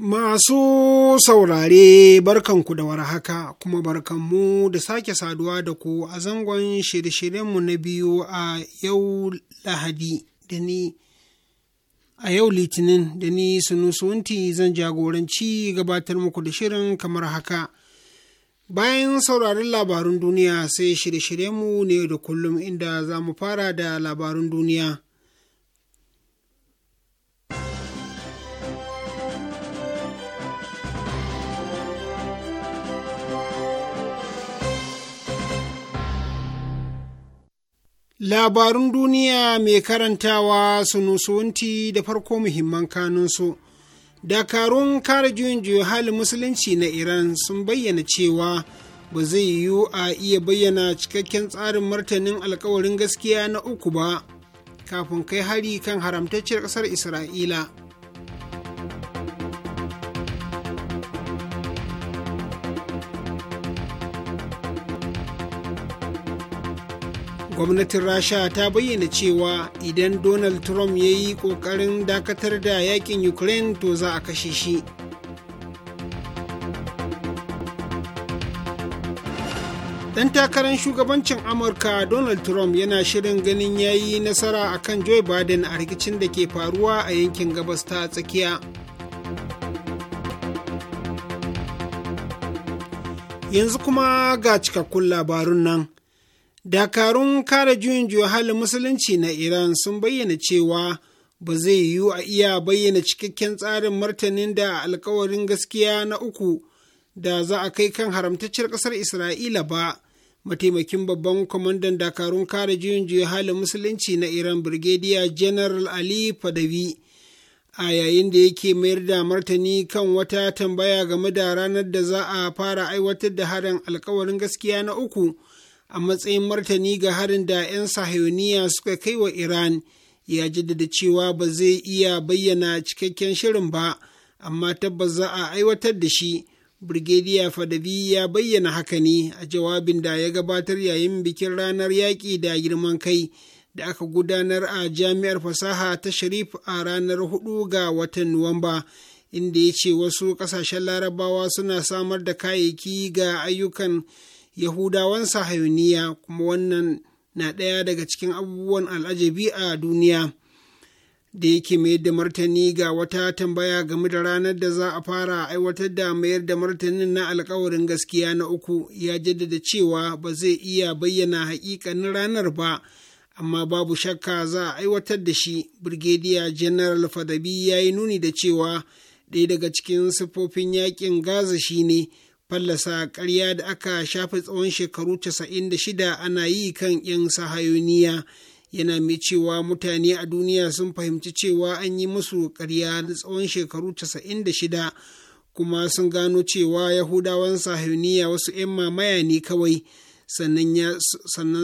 Masu saurare barkanku da warhaka kuma barkanmu da sake saduwa da ku a zangon shirye-shiryenmu na biyu a yau Lahadi da ni a yau Litinin da ni sunusunti zan jagoranci gabatar muku da shirin kamar haka. Bayan sauraron labarun duniya sai shirye-shiryenmu ne da kullum inda za mu fara da labarun duniya. Labarun duniya mai karantawa sunusunti da farko muhimman kanunsu. Dakarun kare juyin halin musulunci na Iran sun bayyana cewa ba zai yiwu a iya bayyana cikakken tsarin martanin alkawarin gaskiya na uku ba kafin kai hari kan haramtacciyar ƙasar Isra'ila. gwamnatin rasha ta bayyana cewa idan donald trump ya yi kokarin dakatar da yakin ukraine to za a kashe shi dan takarar shugabancin amurka donald trump yana shirin ganin ya yi nasara a kan joe biden a rikicin da ke faruwa a yankin gabas ta tsakiya yanzu kuma ga cikakkun labarun nan dakarun kare juyin juya halin musulunci na iran sun bayyana cewa ba zai yiwu a iya bayyana cikakken tsarin martanin da alkawarin gaskiya na uku da za a kai kan haramtacciyar ƙasar isra'ila ba mataimakin babban kwamandan dakarun kare juyin juya halin musulunci na iran brigadier general ali fadavi a yayin da yake mayar da martani kan wata tambaya game da ranar da za a fara aiwatar da harin alkawarin gaskiya na uku a matsayin martani ga harin da 'yan sahayoniya suka kai wa iran ya jaddada cewa ba zai iya bayyana cikakken shirin ba amma tabbas za a aiwatar da shi Brigadier Fadavi ya bayyana haka ne a jawabin da ya gabatar yayin bikin ranar yaƙi da girman kai da aka gudanar a jami'ar fasaha ta Sharif a ranar 4 ga watan Nuwamba, inda ya ce wasu ƙasashen larabawa suna samar da kayayyaki ga ayyukan yahudawan sahayuniya kuma wannan na ɗaya daga cikin abubuwan al'ajabi a duniya da yake mayar da martani ga wata tambaya game da ranar da za a fara aiwatar da mayar da martanin na alkawarin gaskiya na uku ya jaddada cewa ba zai iya bayyana haƙiƙanin ranar ba amma babu shakka za a aiwatar da shi Birgediya general fadabi ya yi nuni da cewa ɗaya daga cikin siffofin yaƙin gaza shine ne fallasa ƙarya da aka shafi tsawon shekaru 96 ana yi kan 'yan sahayoniya yana mai cewa mutane a duniya sun fahimci cewa an yi musu ƙarya na tsawon shekaru 96 kuma sun gano cewa yahudawan sahayoniya wasu 'yan mamaya ne kawai sannan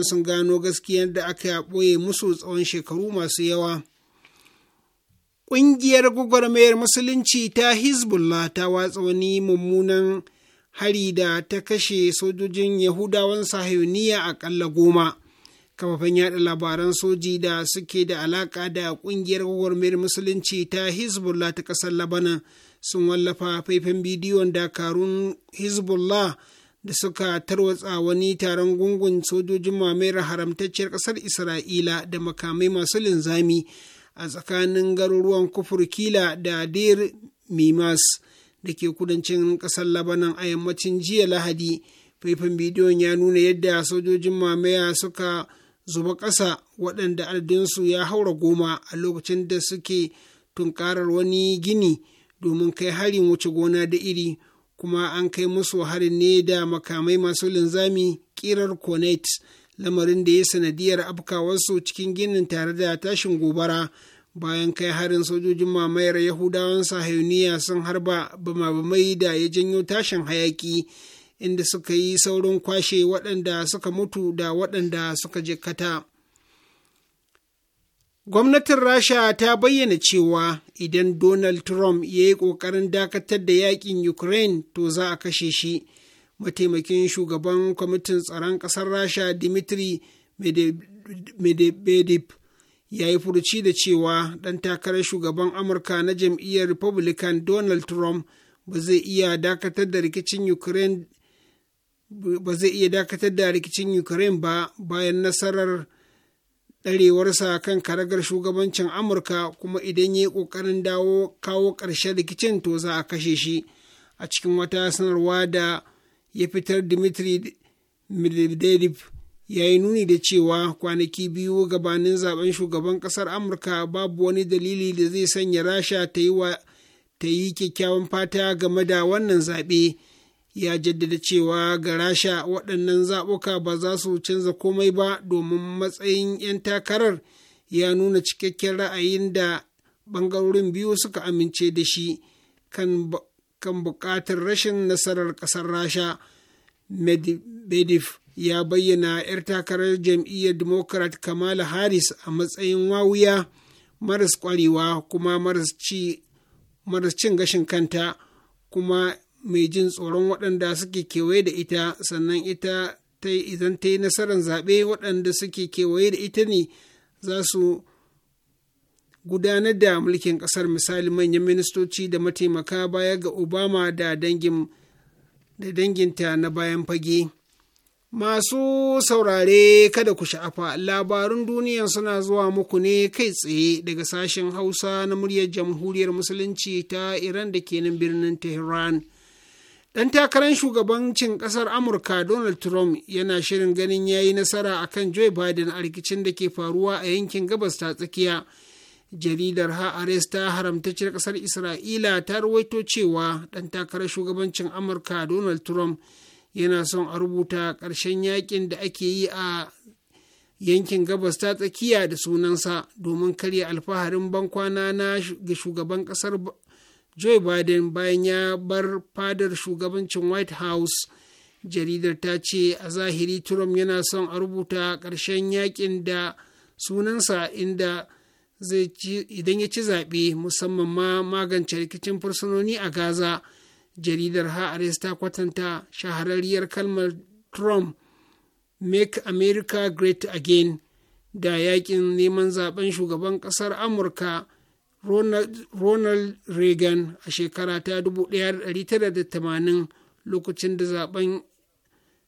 sun gano gaskiyar da aka ɓoye musu tsawon shekaru masu yawa. Ƙungiyar gwagwarmayar Musulunci ta Hezbollah ta watsa wani mummunan hari da ta kashe sojojin yahudawan a aƙalla goma kafafen yada labaran soji da suke da alaƙa da ƙungiyar gwagwarmayar musulunci ta hezbollah ta ƙasar labanan sun wallafa faifan bidiyon dakarun hezbollah da suka tarwatsa wani taron gungun sojojin mamayar haramtacciyar ƙasar isra'ila da makamai masu linzami a tsakanin garuruwan kufur kila da dir mimas da ke kudancin ƙasar labanan a yammacin jiya lahadi faifan bidiyon ya nuna yadda sojojin mamaya suka zuba ƙasa waɗanda aladunsu ya haura goma a lokacin da suke tunkarar wani gini domin kai harin wuce gona da iri kuma an kai musu harin ne da makamai masu linzami ƙirar cornet lamarin da ya sanadiyar afkawarsu cikin ginin tare da tashin gobara bayan kai harin sojojin mamayar yahudawan hauniya sun harba bamabamai da ya janyo tashin hayaki inda suka yi saurin kwashe waɗanda suka mutu da waɗanda suka jikkata gwamnatin rasha ta bayyana cewa idan donald trump ya yi ƙoƙarin dakatar da yakin ukraine to za a kashe shi mataimakin shugaban kwamitin tsaron ƙasar rasha dimitri medvedev ya yi furuci da cewa ɗan takarar shugaban amurka na jam'iyyar republican donald trump ba zai iya dakatar da rikicin ukraine ba bayan nasarar ɗarewarsa kan karagar shugabancin amurka kuma idan ya yi ƙoƙarin dawo kawo ƙarshen rikicin to za a kashe shi a cikin wata sanarwa da ya fitar dimitri medvedev ya yi nuni da cewa kwanaki biyu gabanin zaben shugaban kasar amurka babu wani dalili da zai sanya rasha ta yi wa ta yi kyakkyawan fata game da wannan zaɓe ya jaddada cewa ga rasha waɗannan zaɓuka ba za su canza komai ba domin matsayin 'yan takarar ya nuna cikakken ra'ayin da ɓangarorin biyu suka amince da shi kan buƙatar rashin nasarar ƙasar rasha medvedev ya bayyana 'yar takarar jam'iyyar democrat kamala harris a matsayin wawuya maras kwarewa kuma maras cin gashin kanta kuma mai jin tsoron waɗanda suke kewaye da ita sannan ita ta idan ta yi nasarar zaɓe waɗanda suke kewaye da ita ne za su gudanar da mulkin ƙasar misali manyan ministoci da mataimaka baya ga obama da dangin da danginta na bayan fage Masu saurare kada ku sha'afa labarun duniya suna zuwa muku ne kai tsaye daga sashen Hausa na muryar Jamhuriyar Musulunci ta Iran da ke nan birnin Tehran. Ɗan takarar shugabancin ƙasar Amurka Donald Trump yana shirin ganin ya yi nasara a kan Joe Biden a rikicin da ke faruwa a yankin gabas ta tsakiya. Jaridar Ha'ares ta haramtacciyar ƙasar Isra'ila ta ruwaito cewa ɗan takarar shugabancin Amurka Donald Trump. yana son a rubuta ƙarshen yakin da ake yi a yankin gabas ta tsakiya da sunansa domin karya alfaharin bankwana na ga shugaban ƙasar joe biden bayan ya bar fadar shugabancin white house jaridar ta ce a zahiri trump yana son a rubuta ƙarshen yakin da sunansa inda idan ya ci zaɓe musamman ma magance rikicin fursunoni a gaza jaridar haares ta kwatanta shahararriyar kalmar trump make america great again da yakin neman zaben shugaban kasar amurka ronald reagan a shekara ta 1980 lokacin da zaben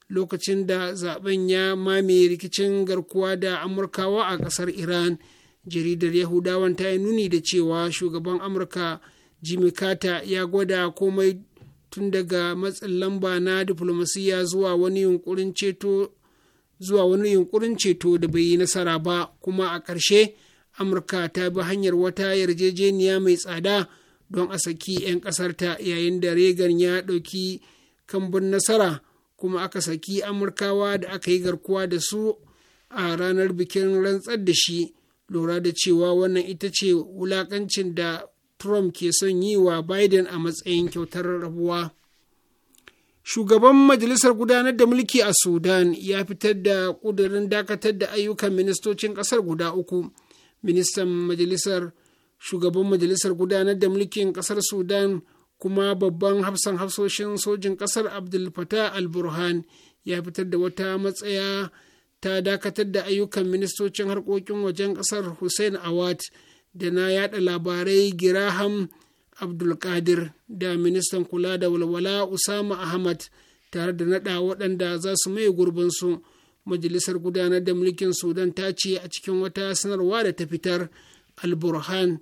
lokacin da zaben ya mame rikicin garkuwa da amurkawa a kasar iran jaridar yahudawan ta yi nuni da cewa shugaban amurka jimmy carter ya gwada komai tun daga matsin lamba na diflomasiyya zuwa wani yunkurin ceto zuwa wani yunkurin ceto da bai yi nasara ba kuma a ƙarshe amurka ta bi hanyar wata yarjejeniya mai tsada don a saki 'yan ƙasarta yayin da regan ya ɗauki kambun nasara kuma aka saki amurkawa da aka yi garkuwa da su a ranar bikin rantsar da shi lura da cewa wannan ita ce wulakancin da Trump ke son yi wa Biden a matsayin kyautar rabuwa. Shugaban Majalisar Gudanar da Mulki a Sudan ya fitar da ƙudurin dakatar da ayyukan ministocin ƙasar guda uku. Ministan Majalisar Shugaban Majalisar Gudanar da Mulkin ƙasar Sudan kuma babban hafsan hafsoshin sojin ƙasar Abdul Fattah al-Burhan ya fitar da wata matsaya ta dakatar da ayyukan ministocin harkokin wajen ƙasar Hussein Awad. da na yada labarai giraham abdulkadir da ministan kula da walwala usama ahmad tare da naɗa waɗanda za su mai gurbinsu majalisar gudanar da mulkin sudan ta ce a cikin wata sanarwa da ta fitar alburhan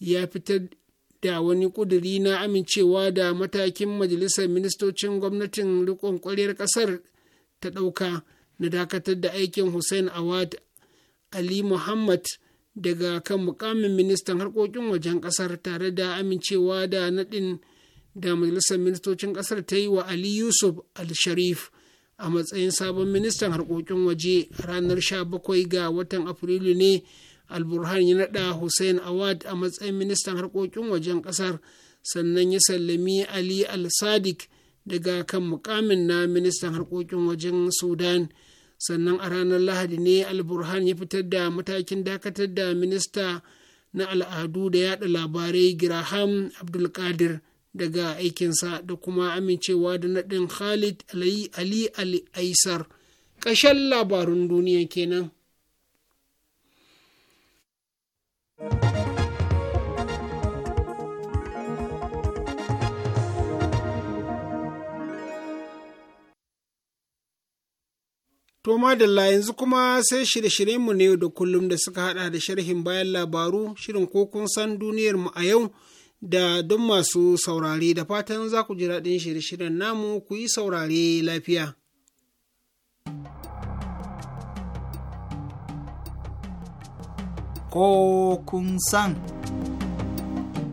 ya fitar da wani ƙuduri na amincewa da matakin majalisar ministocin gwamnatin rikon ƙwaryar ƙasar ta ɗauka na dakatar da aikin hussein awad ali muhammad daga kan mukamin ministan harkokin wajen kasar tare da amincewa da nadin da majalisar ministocin kasar ta yi wa ali yusuf al-sharif a matsayin sabon ministan harkokin waje ranar 17 ga watan afrilu ne alburhan ya naɗa hussein awad a matsayin ministan harkokin wajen kasar sannan ya sallami ali al-sadiq daga kan mukamin na ministan harkokin wajen sudan sannan a ranar lahadi ne alburhan ya fitar da matakin dakatar da minista na al'adu da yada labarai graham abdulkadir daga aikinsa da kuma amincewa da naɗin khalid ali alaisar aisar ƙashen labarun duniya kenan To madalla yanzu kuma sai shirye-shiryenmu ne da kullum da suka hada da sharhin bayan labaru shirin ko kun san duniyarmu a yau da don masu saurare da fatan za ku ji daɗin shirye-shiryen namu ku yi saurare lafiya. Ko kun san.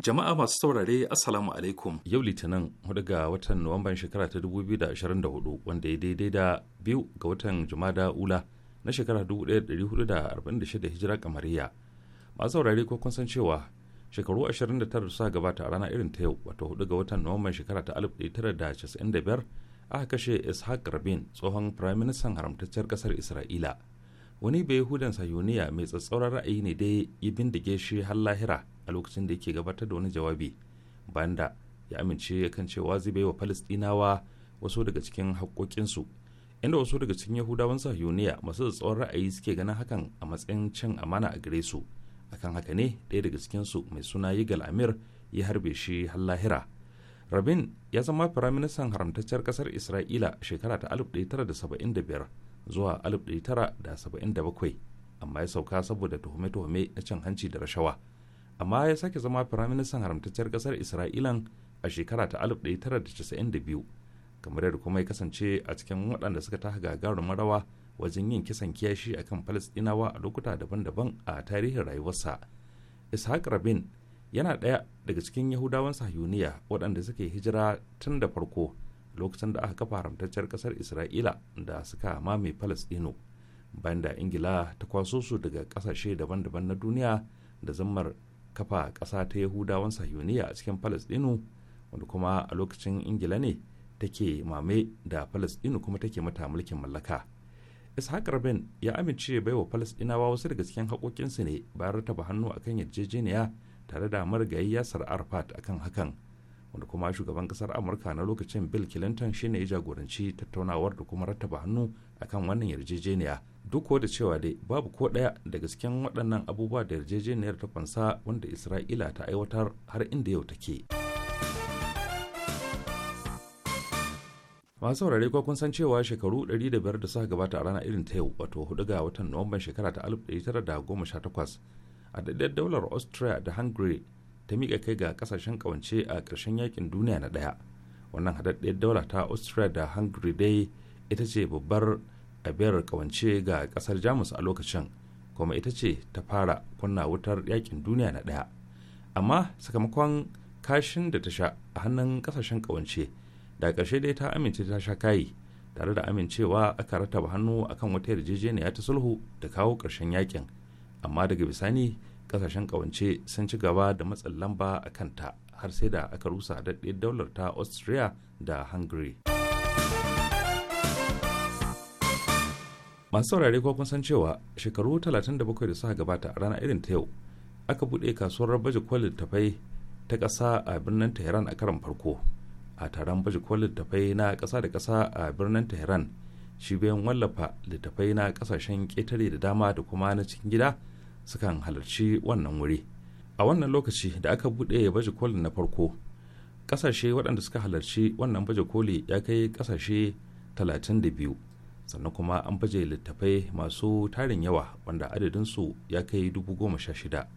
Jama'a masu saurare Assalamu alaikum. Yau Litinin hudu ga watan Nuwamban shekara ta 2024 wanda ya daidai da biyu ga watan Jumada Ula na shekara 1446 hijira kamariya. Masu saurare ko kun san cewa shekaru 29 da suka gabata a rana irin ta yau wato hudu ga watan Nuwamban shekara ta 1995 aka kashe Ishaq Rabin tsohon firaministan haramtacciyar kasar Isra'ila. Wani bai Yahudan Sayuniya mai tsatsauran ra'ayi ne dai ya bindige shi har lahira a lokacin da yake gabatar da wani jawabi bayan da ya amince kan cewa zai wa falastinawa wasu daga cikin haƙoƙinsu inda wasu daga cikin yahudawan sahiyoniya masu tsawon ra'ayi suke ganin hakan a matsayin cin amana a gare su akan haka ne ɗaya daga cikinsu mai suna yigal amir ya harbe shi har lahira rabin ya zama firaministan haramtacciyar kasar isra'ila shekara ta 1975 zuwa 1977 amma ya sauka saboda tuhume-tuhume na cin hanci da rashawa amma ya sake zama firaministan haramtacciyar kasar isra'ilan a shekara ta 1992 kamar yadda kuma ya kasance a cikin waɗanda suka ta gagarumin rawa wajen yin kisan kiyashi a kan falasɗinawa a lokuta daban-daban a tarihin rayuwarsa ishaq rabin yana ɗaya daga cikin yahudawan sahiyuniya waɗanda suke hijira tun da farko lokacin da aka kafa haramtacciyar kasar isra'ila da suka mame falasɗino bayan da ingila ta kwaso su daga kasashe daban-daban na duniya da zammar kafa ƙasa ta yahudawan sahiyoniya a cikin falasɗinu wanda kuma a lokacin ingila ne take mame da falasɗinu kuma take mata mulkin mallaka ishaq rabin ya amince baiwa falasɗinawa wasu daga cikin haƙoƙinsu ne bayan taba hannu akan yarjejeniya tare da marigayi yasar arfat akan hakan wanda kuma shugaban ƙasar amurka na lokacin bill clinton shine ya jagoranci tattaunawar da kuma rattaba hannu akan wannan yarjejeniya duk da cewa dai babu ko ɗaya daga cikin waɗannan abubuwa da yarjejeniyar ta fansa wanda isra'ila ta aiwatar har inda yau take masu saurari ko kun san cewa shekaru 105 da suka gabata a rana irin ta yau wato 4 ga watan nuwamban shekara ta 1918 a daidai daular austria da hungary ta miƙa kai ga kasashen kawance a ƙarshen yakin duniya na ɗaya wannan haɗaɗɗiyar daula ta austria da hungary dai ita ce babbar a biyar kawance ga ƙasar jamus a lokacin kuma ita ce ta fara kunna wutar yakin duniya na ɗaya amma sakamakon kashin da ta sha a hannun ƙasashen kawance da ƙarshe dai ta amince ta sha kayi tare da amincewa aka rataba hannu akan wata yarjejeniya ta sulhu da kawo ƙarshen yakin amma daga bisani ƙasashen kawance sun ci gaba da matsin lamba a kanta har sai da aka rusa daɗe daular ta austria da hungary masu saurare ko kun san cewa shekaru 37 da suka gabata a rana irin ta yau aka bude kasuwar baje kolin tafai ta kasa a birnin tehran a karan farko a taron baje kolin tafai na kasa da kasa a birnin tehran shibiyan wallafa littafai na kasashen ƙetare da dama da kuma na cikin gida sukan halarci wannan wuri a wannan lokaci da aka buɗe baje kolin na farko kasashe waɗanda suka halarci wannan baje koli ya kai ƙasashe 32 sannan kuma an baje littafai masu tarin yawa wanda adadinsu ya kai dubu goma sha shida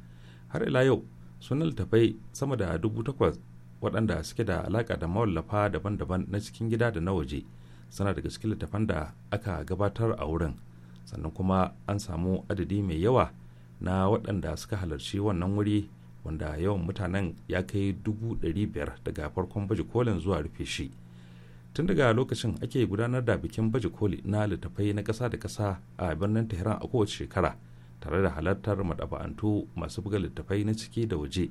har ila yau sunan littafai sama da dubu takwas waɗanda suke da alaƙa da mawallafa daban-daban na cikin gida da na waje suna daga cikin littafan da aka gabatar a wurin sannan kuma an samu adadi mai yawa na waɗanda suka halarci wannan wuri wanda yawan mutanen ya kai dubu ɗari biyar daga farkon baje kolin zuwa rufe shi tun daga lokacin ake gudanar da bikin baje koli na littattafai na ƙasa da ƙasa a birnin tehran a kowace shekara tare da halartar madaba'antu masu buga littattafai na ciki da waje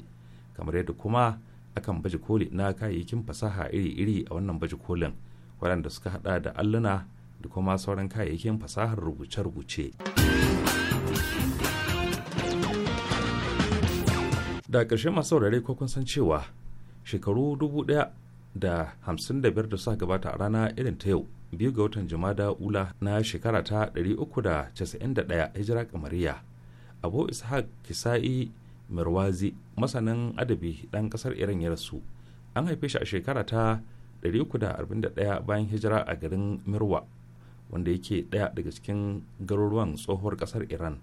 kamar yadda kuma akan baje koli na kayayyakin fasaha iri-iri a wannan baje kolin waɗanda suka hada da alluna da kuma sauran kayayyakin fasahar rubuce-rubuce da ƙarshe masu saurare ko kun san cewa shekaru dubu ɗaya da 55 da suka gabata a rana irin ta yau biyu ga watan jumada ula na shekara ta 391 hijira kamariya abu ishaq kisa'i mirwazi masanin adabi ɗan ƙasar iran ya rasu an haife shi a shekara ta 341 bayan hijira a garin mirwa wanda yake ɗaya daga cikin garuruwan tsohuwar ƙasar iran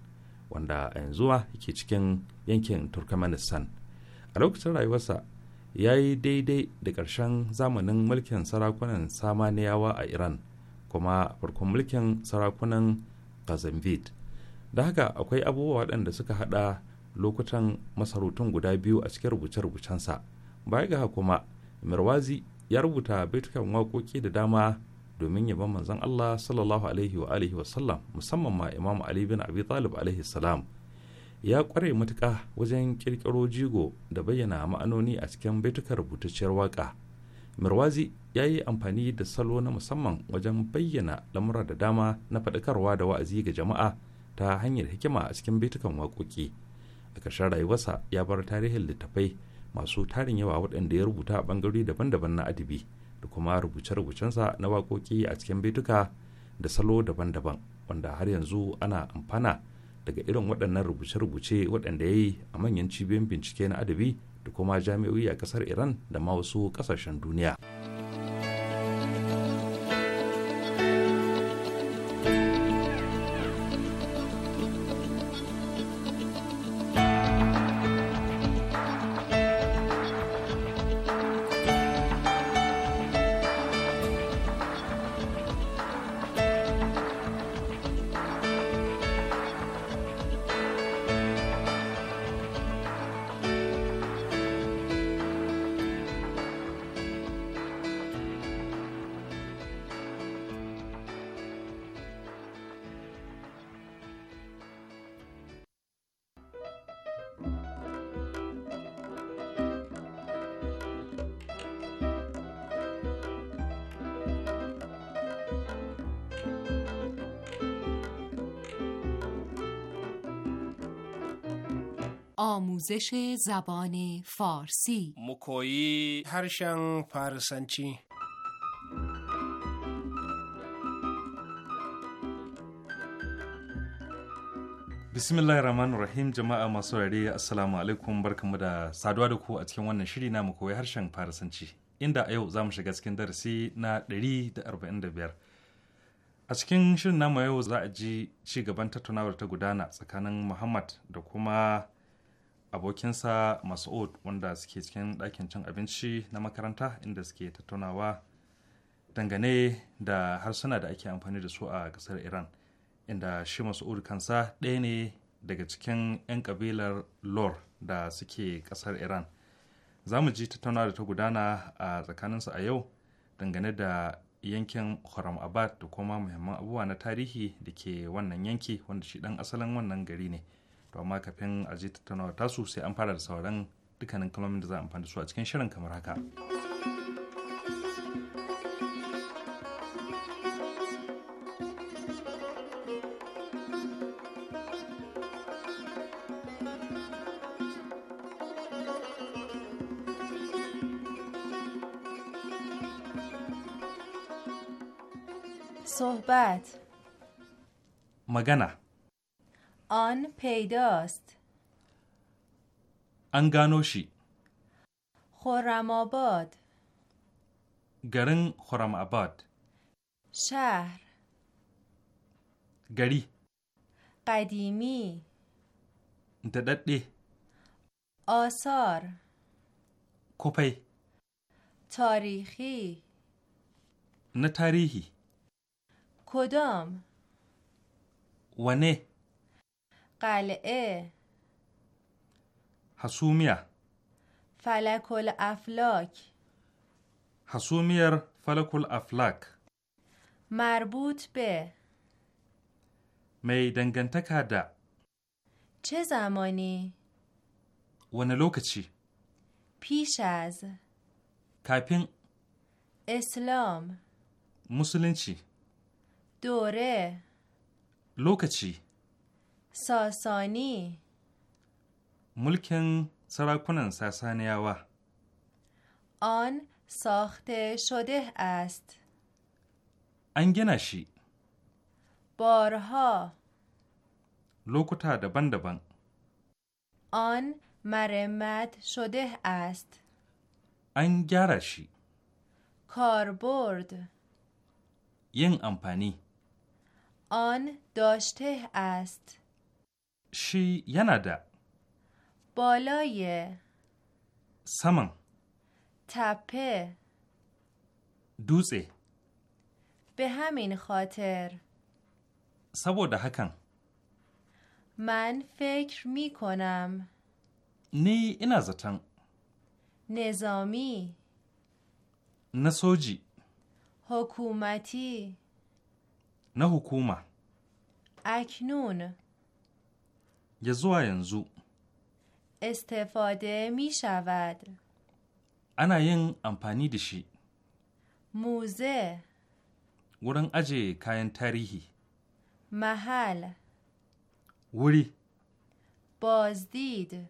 wanda a yanzu yake cikin yankin turkmenistan a lokacin rayuwarsa ya yi daidai da ƙarshen zamanin mulkin sarakunan samaniyawa a iran kuma farkon mulkin sarakunan kazanvid da haka akwai abubuwa waɗanda suka hada lokutan masarautun guda biyu a cikin rubuce-rubucensa baya ga kuma mirwazi ya rubuta baitukan waƙoƙi da dama domin yaban manzon Allah sallallahu alaihi wa alihi musamman ma Imam Ali bin Abi Talib alaihi salam ya kware matuƙa wajen ƙirƙiro jigo da bayyana ma'anoni a cikin baitukan rubutacciyar waƙa mirwazi ya yi amfani da salo na musamman wajen bayyana lamura da dama na faɗakarwa da wa'azi ga jama'a ta hanyar hikima a cikin baitukan waƙoƙi a ƙarshen rayuwarsa ya bar tarihin littattafai masu tarin yawa waɗanda ya rubuta a ɓangarori daban-daban na adabi da kuma rubuce-rubucensa na waƙoƙi a cikin baituka da salo daban-daban wanda har yanzu ana amfana daga irin waɗannan rubuce-rubuce waɗanda ya yi a manyan cibiyoyin bincike na adabi da kuma jami'o'i a ƙasar iran da ma wasu ƙasashen duniya. آموزش زبان فارسی مکویی هرشن فارسنچی rahim jama'a masu rare barkamu da saduwa da ku a cikin wannan shiri na mu koyi harshen farisanci inda a yau za shiga cikin darasi na 145 a cikin shirin namu yau za a ji ci gaban tattaunawar ta gudana tsakanin muhammad da kuma abokinsa Mas'ud wanda suke cikin ɗakin cin abinci na makaranta inda suke tattaunawa dangane da harsuna da ake amfani da su a ƙasar Iran inda shi Mas'ud kansa ɗaya ne daga cikin 'yan ƙabilar Lor da suke ƙasar Iran. Za mu ji tattauna da ta gudana a tsakaninsu a yau dangane da yankin Khurram Abad da kuma muhimman abubuwa na tarihi da ke wannan yanki wanda shi ɗan asalin wannan gari ne. to amma kafin a je tattaunawa tasu sai an fara da sauran dukkanin kalmomin da za a amfani da su a cikin shirin kamar haka. صحبت magana. آن پیداست انگانوشی خورم آباد گرن خورم آباد شهر گری قدیمی دددی آثار کپی تاریخی نتاریخی کدام ونه قلعه حسومیه فلک الافلاک حسومیر فلک الافلاک مربوط به می دنگنتک هده چه زمانی؟ ونلوک لوکچی پیش از کپین اسلام مسلم دوره لوکچی ساسانی ملکن سراکنن ساسانیاوا آن ساخته شده است انگنشی بارها لوکوتا دبن دبن آن مرمت شده است انگرشی کاربرد ین امپانی آن داشته است شی ینا بالای سمن تپه دوزه به همین خاطر سبوده هکن من فکر می کنم نی این زتن نظامی نسوجی حکومتی نه حکومه اکنون Ya zuwa yanzu. Istefodemi shabad. Ana yin amfani da shi. Muze. Wurin aje kayan tarihi. Mahal. Wuri. Bozdid.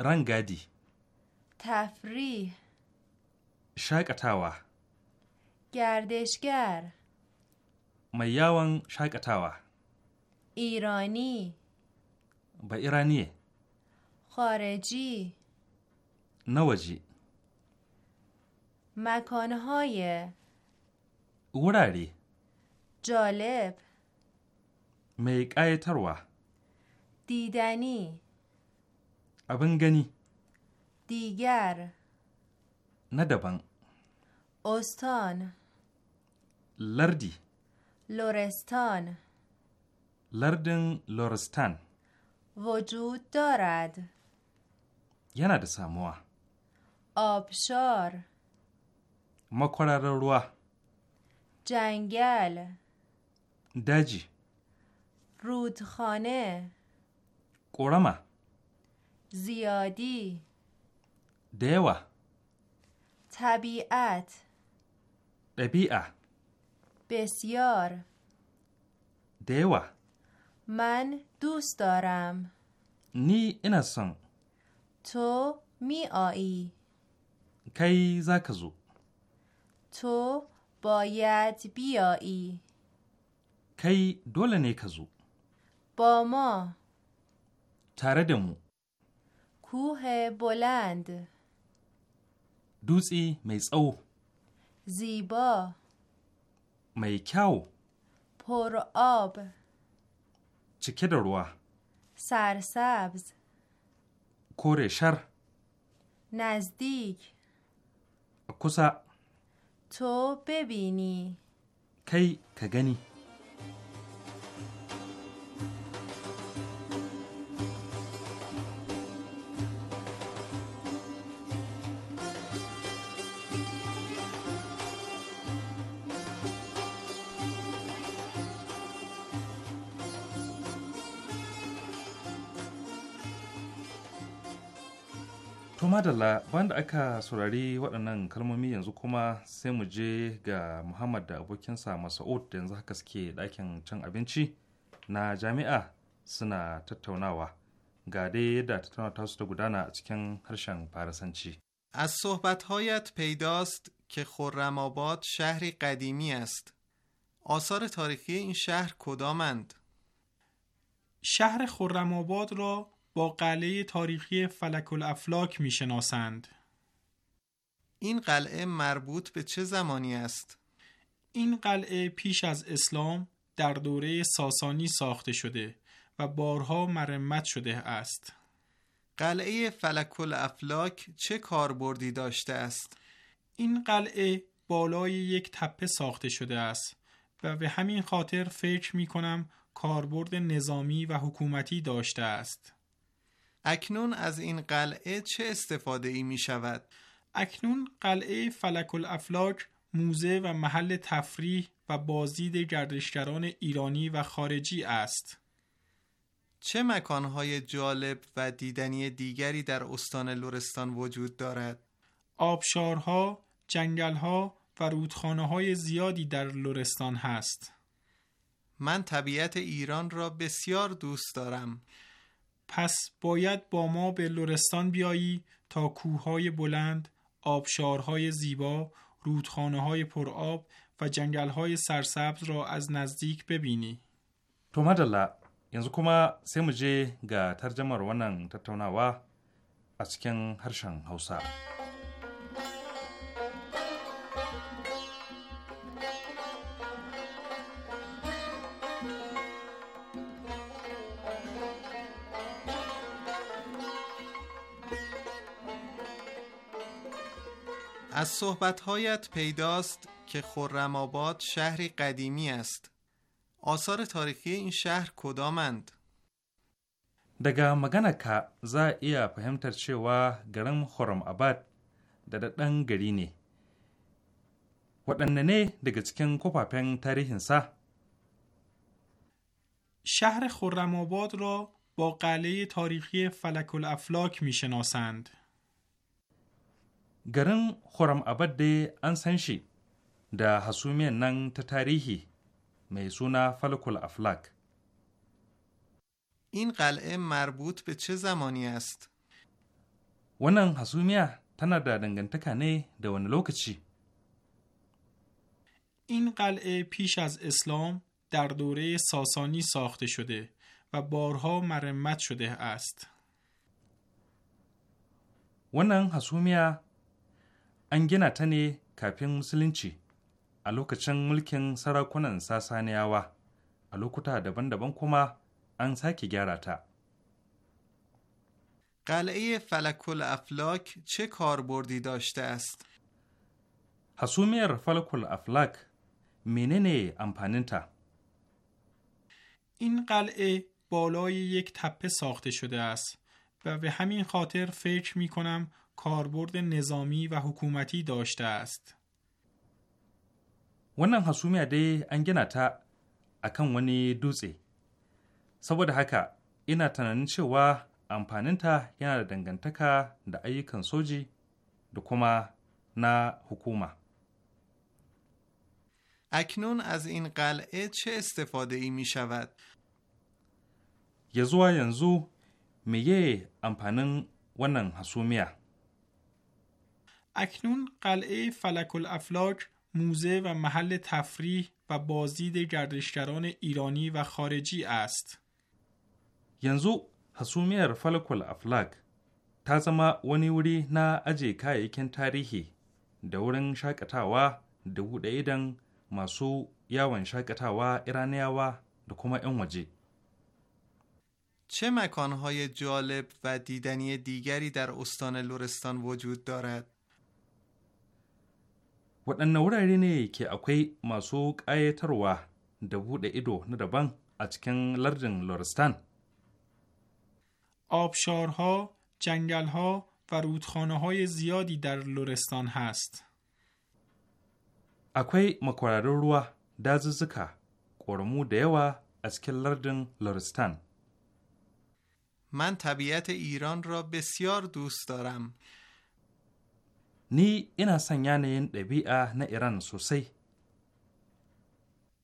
Rangadi. Tafri. Shaƙatawa. Gyadashƙiyar. Mai yawon shaƙatawa. Ironi. با ایرانیه خارجی نواجی مکانهای وراری جالب میکای تروه دیدنی ابنگنی دیگر ندبن استان لردی لورستان لردن لورستان وجود دارد یه سموا آبشار ما روا جنگل دجی رودخانه قرمه زیادی دیوا طبیعت ربیعه بسیار دیوا من دوست دارم نی اینا سن تو می آیی کی زکزو تو باید بیایی کی دول نه کزو با ما تردمو کوه بلند دوسی می او زیبا می پر آب cike da ruwa. Sarsabs. Koreshar. Nazdik. kusa. To bebe ne. Kai ka gani. To madalla banda aka saurari waɗannan kalmomi yanzu kuma sai mu je ga Muhammad da abokinsa Masa'ud da yanzu haka suke ɗakin cin abinci na jami'a suna tattaunawa ga dai yadda tattaunawa su ta gudana a cikin harshen faransanci. از صحبتهایت پیداست که خرم آباد شهری قدیمی است. آثار تاریخی این شهر کدامند؟ شهر خرم آباد را با قلعه تاریخی فلک الافلاک می شناسند. این قلعه مربوط به چه زمانی است؟ این قلعه پیش از اسلام در دوره ساسانی ساخته شده و بارها مرمت شده است. قلعه فلک الافلاک چه کاربردی داشته است؟ این قلعه بالای یک تپه ساخته شده است و به همین خاطر فکر می کنم کاربرد نظامی و حکومتی داشته است. اکنون از این قلعه چه استفاده ای می شود؟ اکنون قلعه فلک الافلاک موزه و محل تفریح و بازدید گردشگران ایرانی و خارجی است. چه مکانهای جالب و دیدنی دیگری در استان لورستان وجود دارد؟ آبشارها، جنگلها و رودخانه های زیادی در لورستان هست. من طبیعت ایران را بسیار دوست دارم. پس باید با ما به لورستان بیایی تا کوههای بلند، آبشارهای زیبا، رودخانههای پرآب و های سرسبز را از نزدیک ببینی. تو مدلا ینزو سمجه sai گا ترجمه ga ونن wannan از a هرشن harshen از صحبتهایت پیداست که خرم آباد شهری قدیمی است آثار تاریخی این شهر کدامند دگه مگن کا زا ایه فهمتر گرم خرم آباد د ددان گری نی ونن نی دگه شهر خرم آباد را با قلعه تاریخی فلک الافلاک میشناسند garin Khuram Abad dai an san shi da hasumiyar nan ta tarihi mai suna Falkul Aflak. In قلعه marbut be ce zamani ast? wannan hasumiya tana da dangantaka ne da wani lokaci. این قلعه پیش از اسلام در دوره ساسانی ساخته شده و بارها مرمت شده است. ونن hasumiya an gina ta ne kafin musulunci a lokacin mulkin sarakunan sasaniyawa a lokuta daban-daban kuma an داشته است؟ حسومیر فلکل الافلاک مننه امپاننتا این قلعه بالای یک تپه ساخته شده است و به همین خاطر فکر می کنم کاربرد نظامی و حکومتی داشته است. wannan hasumiya dai an gina ta a kan wani dutse saboda haka ina tunanin cewa amfaninta yana da dangantaka da ayyukan soji da kuma na hukuma aknun از این قلعه چه استفاده ای می Ya zuwa yanzu meye amfanin wannan hasumiya? اکنون قلعه فلک الافلاک موزه و محل تفریح و بازدید گردشگران ایرانی و خارجی است. ینزو حسومیر فلک الافلاک ta zama wani wuri na aje تاریخی. tarihi da wurin shakatawa da buɗe idan masu yawon shakatawa iraniyawa da kuma 'yan چه مکانهای جالب و دیدنی دیگری در استان لورستان وجود دارد؟ waɗanne wurare ne ke akwai masu ƙayatarwa da buɗe ido na daban a cikin lardin loristan آبشارها، جنگلها و رودخانه های زیادی در لرستان هست. اکوی مکورارو روا داززکا قرمو دیوا از کلردن لرستان من طبیعت ایران را بسیار دوست دارم نی این سن یعنی ɗabi'a na ایران sosai.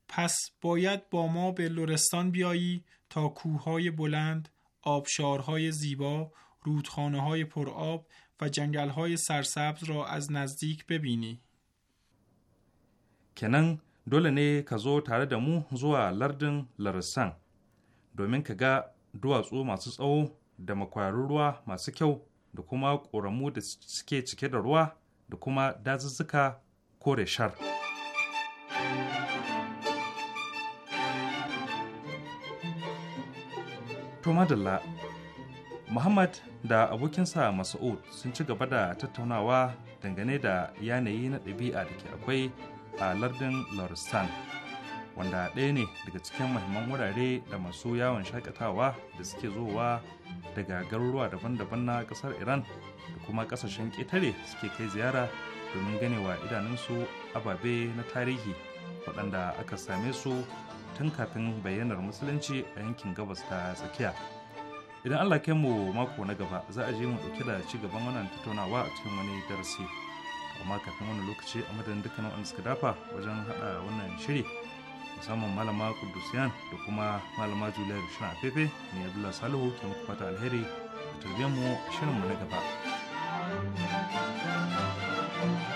پس باید با ما به لرستان بیایی تا کوههای بلند، آبشارهای زیبا، رودخانه های پرآب و جنگل های سرسبز را از نزدیک ببینی. کنن dole ne ka zo tare da mu zuwa که Larissan دو از او duwatsu او tsawo da makwarin da kuma ƙoramu da suke cike da ruwa da kuma dazuzzuka kore shar. To madalla Muhammad da abokinsa Mas'ud sun ci gaba da tattaunawa dangane da yanayi na ɗabi'a da ke akwai a lardin Loristan. wanda ɗaya ne daga cikin mahimman wurare da masu yawon shakatawa da suke zowa daga garuruwa daban-daban na ƙasar iran da kuma ƙasashen ƙetare suke kai ziyara domin ganewa idanunsu ababe na tarihi waɗanda aka same su tun kafin bayyanar musulunci a yankin gabas ta tsakiya idan allah kai mu mako na gaba za a je mu ɗauke da ci gaban wannan tattaunawa a cikin wani darasi amma kafin wani lokaci a madadin dukkanin wanda suka dafa wajen haɗa wannan shiri musamman malama kudusiyan da kuma malama juliya bishir afefe ne abdullahi salihu ke muku fata alheri shirin mu shirinmu na gaba. thank you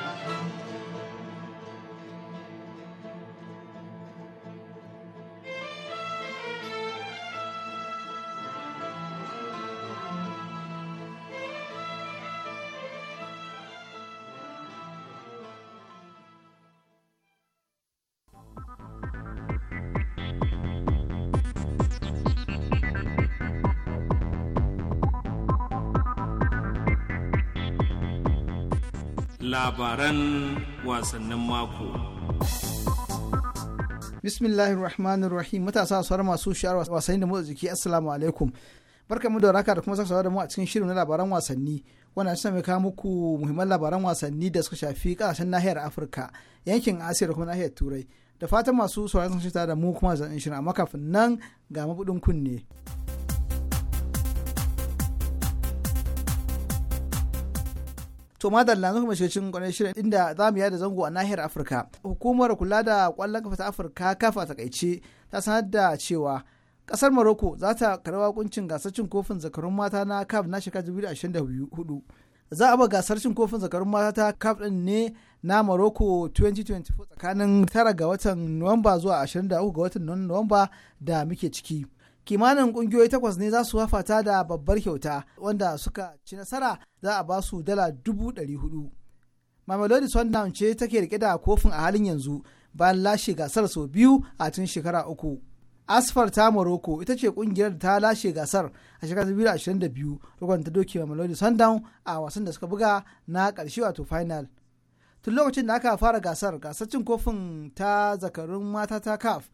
labaran wasannin mako. Bismillahir Rahmanir Rahim matasa sauran masu sha'ar wasanni da motsa jiki Assalamu alaikum. Barka mu da raka da kuma saka da mu a cikin shirin na labaran wasanni Wannan shi mai kawo muku muhimman labaran wasanni da suka shafi kasashen nahiyar Afirka, yankin Asiya da kuma nahiyar Turai. Da fatan masu sauran sun shita da mu kuma zan shirin amma kafin nan ga mabudin kunne. To madalla zan kuma shiga cikin kwanan shirin inda za mu yada zango a nahiyar Afirka. Hukumar kula da kwallon kafa ta Afirka kafa a takaice ta sanar da cewa kasar Morocco za ta karɓi wakuncin gasar cin kofin zakarun mata na CAF na shekara 2024. Za a ba gasar cin kofin zakarun mata ta CAF din ne na Morocco 2024 tsakanin 9 ga watan Nuwamba zuwa 23 ga watan Nuwamba da muke ciki. kimanin kungiyoyi takwas ne za su wafata da babbar kyauta wanda suka ci nasara za a ba su dala dubu ɗari hudu. Mamelodi Sundown ce take rike da kofin a halin yanzu bayan lashe gasar sau biyu a tun shekara uku. Asfar ta Morocco ita ce kungiyar da ta lashe gasar a shekarar 2022 rukun ta doke Mamelodi Sundown a wasan da suka buga na karshe wato final. Tun lokacin da aka fara gasar gasar cin kofin ta zakarun mata ta CAF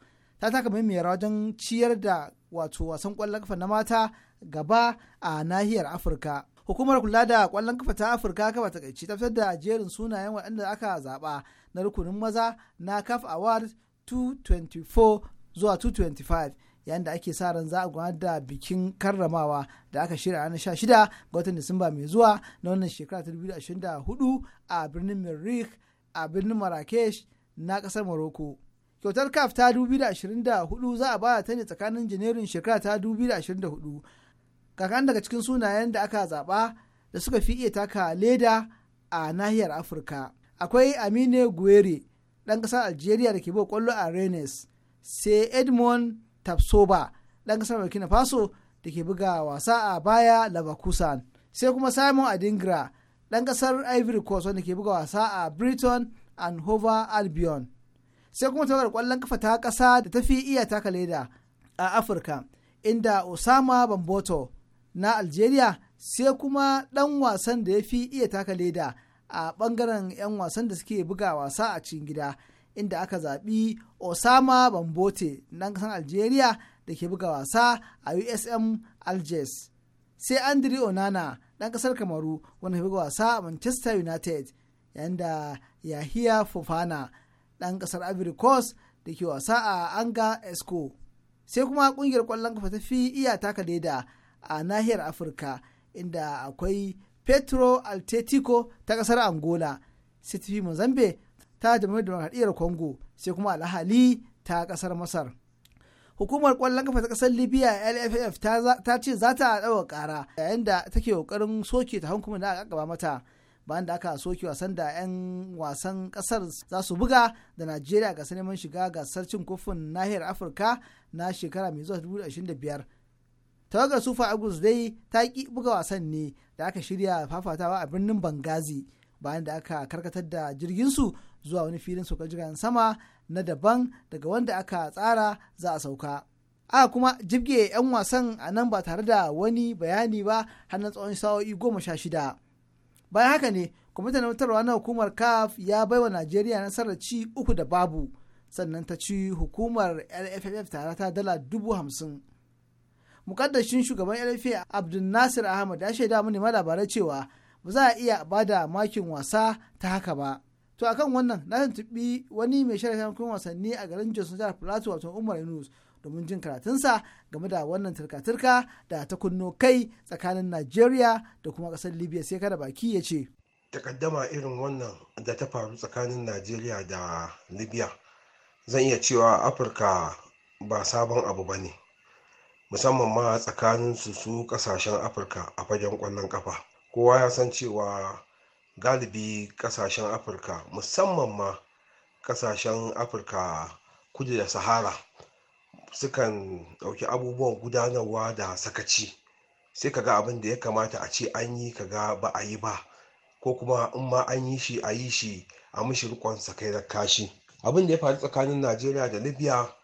ta taka muhimmiyar wajen ciyar da wato wasan kwallon kafa na mata gaba a nahiyar afirka hukumar kula da kwallon kafa ta afirka kafa takaici ta fitar da jerin sunayen waɗanda aka zaɓa na rukunin maza na caf award 224 zuwa 225 yayin da ake sa ran za a gudanar da bikin karramawa da aka shirya ranar 16 ga watan Disamba mai zuwa na wannan shekara 2024 a birnin Merrick a birnin Marrakesh na kasar Morocco. kyautar caf ta 2024 za a bada ta ne tsakanin janairun shekara ta 2024 kakan daga cikin sunayen da aka zaba da suka fi iya taka leda a nahiyar afirka akwai amine guere ɗan ƙasar algeria da ke buga kwallo a renes sai edmond tapsoba ɗan ƙasar burkina faso da ke buga wasa a baya leverkusen sai kuma simon adingra ɗan ƙasar ivory coast wanda ke buga wasa a britain and hover albion sai kuma tawagar kwallon kafa ta ƙasa da ta fi iya taka leda a afirka inda osama bamboto na algeria sai kuma ɗan wasan da ya fi iya taka leda a ɓangaren 'yan wasan da suke buga wasa a cikin gida inda aka zaɓi osama bambote na ƙasar algeria da ke buga wasa a usm algiers sai andre onana ɗan ƙasar kamaru wanda ke buga wasa a manchester united yayin da yahiya fofana ɗan ƙasar ivory coast da ke wasa a anga esco sai kuma ƙungiyar ƙwallon kafa ta fi iya e taka leda a nahiyar afirka inda akwai petro altetico ta ƙasar angola sai fi mozambe ta da demokradiyyar congo sai kuma alhali ta ƙasar masar hukumar ƙwallon kafa ta ƙasar libya lff ta ce za ta ɗaura ƙara yayin da take ƙoƙarin soke ta hankuma da aka gaba mata bayan da aka soke wasan da 'yan wasan kasar za su buga da najeriya ga neman shiga gasar cin kofin nahiyar afirka na shekara mai zuwa 2025 tawagar sufa agus dai ta ki buga wasan ne da aka shirya fafatawa a birnin bangazi bayan da aka karkatar da jirginsu zuwa wani filin saukar jiragen sama na daban daga wanda aka tsara za a sauka aka kuma jibge 'yan wasan a nan ba tare da wani bayani ba har na tsawon sa'o'i goma sha shida bayan haka ne kwamitin wutarwa na hukumar caf ya bai wa najeriya nasarar ci uku da babu sannan ta ci hukumar lff tare ta dala dubu hamsin mukaddashin shugaban lfa abdul nasir ahmad ya shaida manema labarai cewa ba za a iya ba da makin wasa ta haka ba to akan wannan na tuntuɓi wani mai shirya kan wasanni a garin jos jihar plateau wato umar yunus domin jin karatunsa game da wannan turka-turka da ta kunno kai tsakanin Najeriya da kuma ƙasar Libya sai kada baki ya ce. Takaddama irin wannan da ta faru tsakanin Najeriya da Libya zan iya cewa Afirka ba sabon abu ba ne musamman ma tsakanin su su kasashen Afirka a fagen kwallon kafa Kowa ya san cewa galibi kasashen Afirka musamman ma kasashen Afirka kudu da Sahara. sukan ɗauki abubuwan gudanarwa da sakaci sai ka ga abin da ya kamata a ce an yi ga ba a yi ba ko kuma in ma an yi shi a yi shi a mishi rikon sakai da kashi abin da ya faru tsakanin najeriya da libya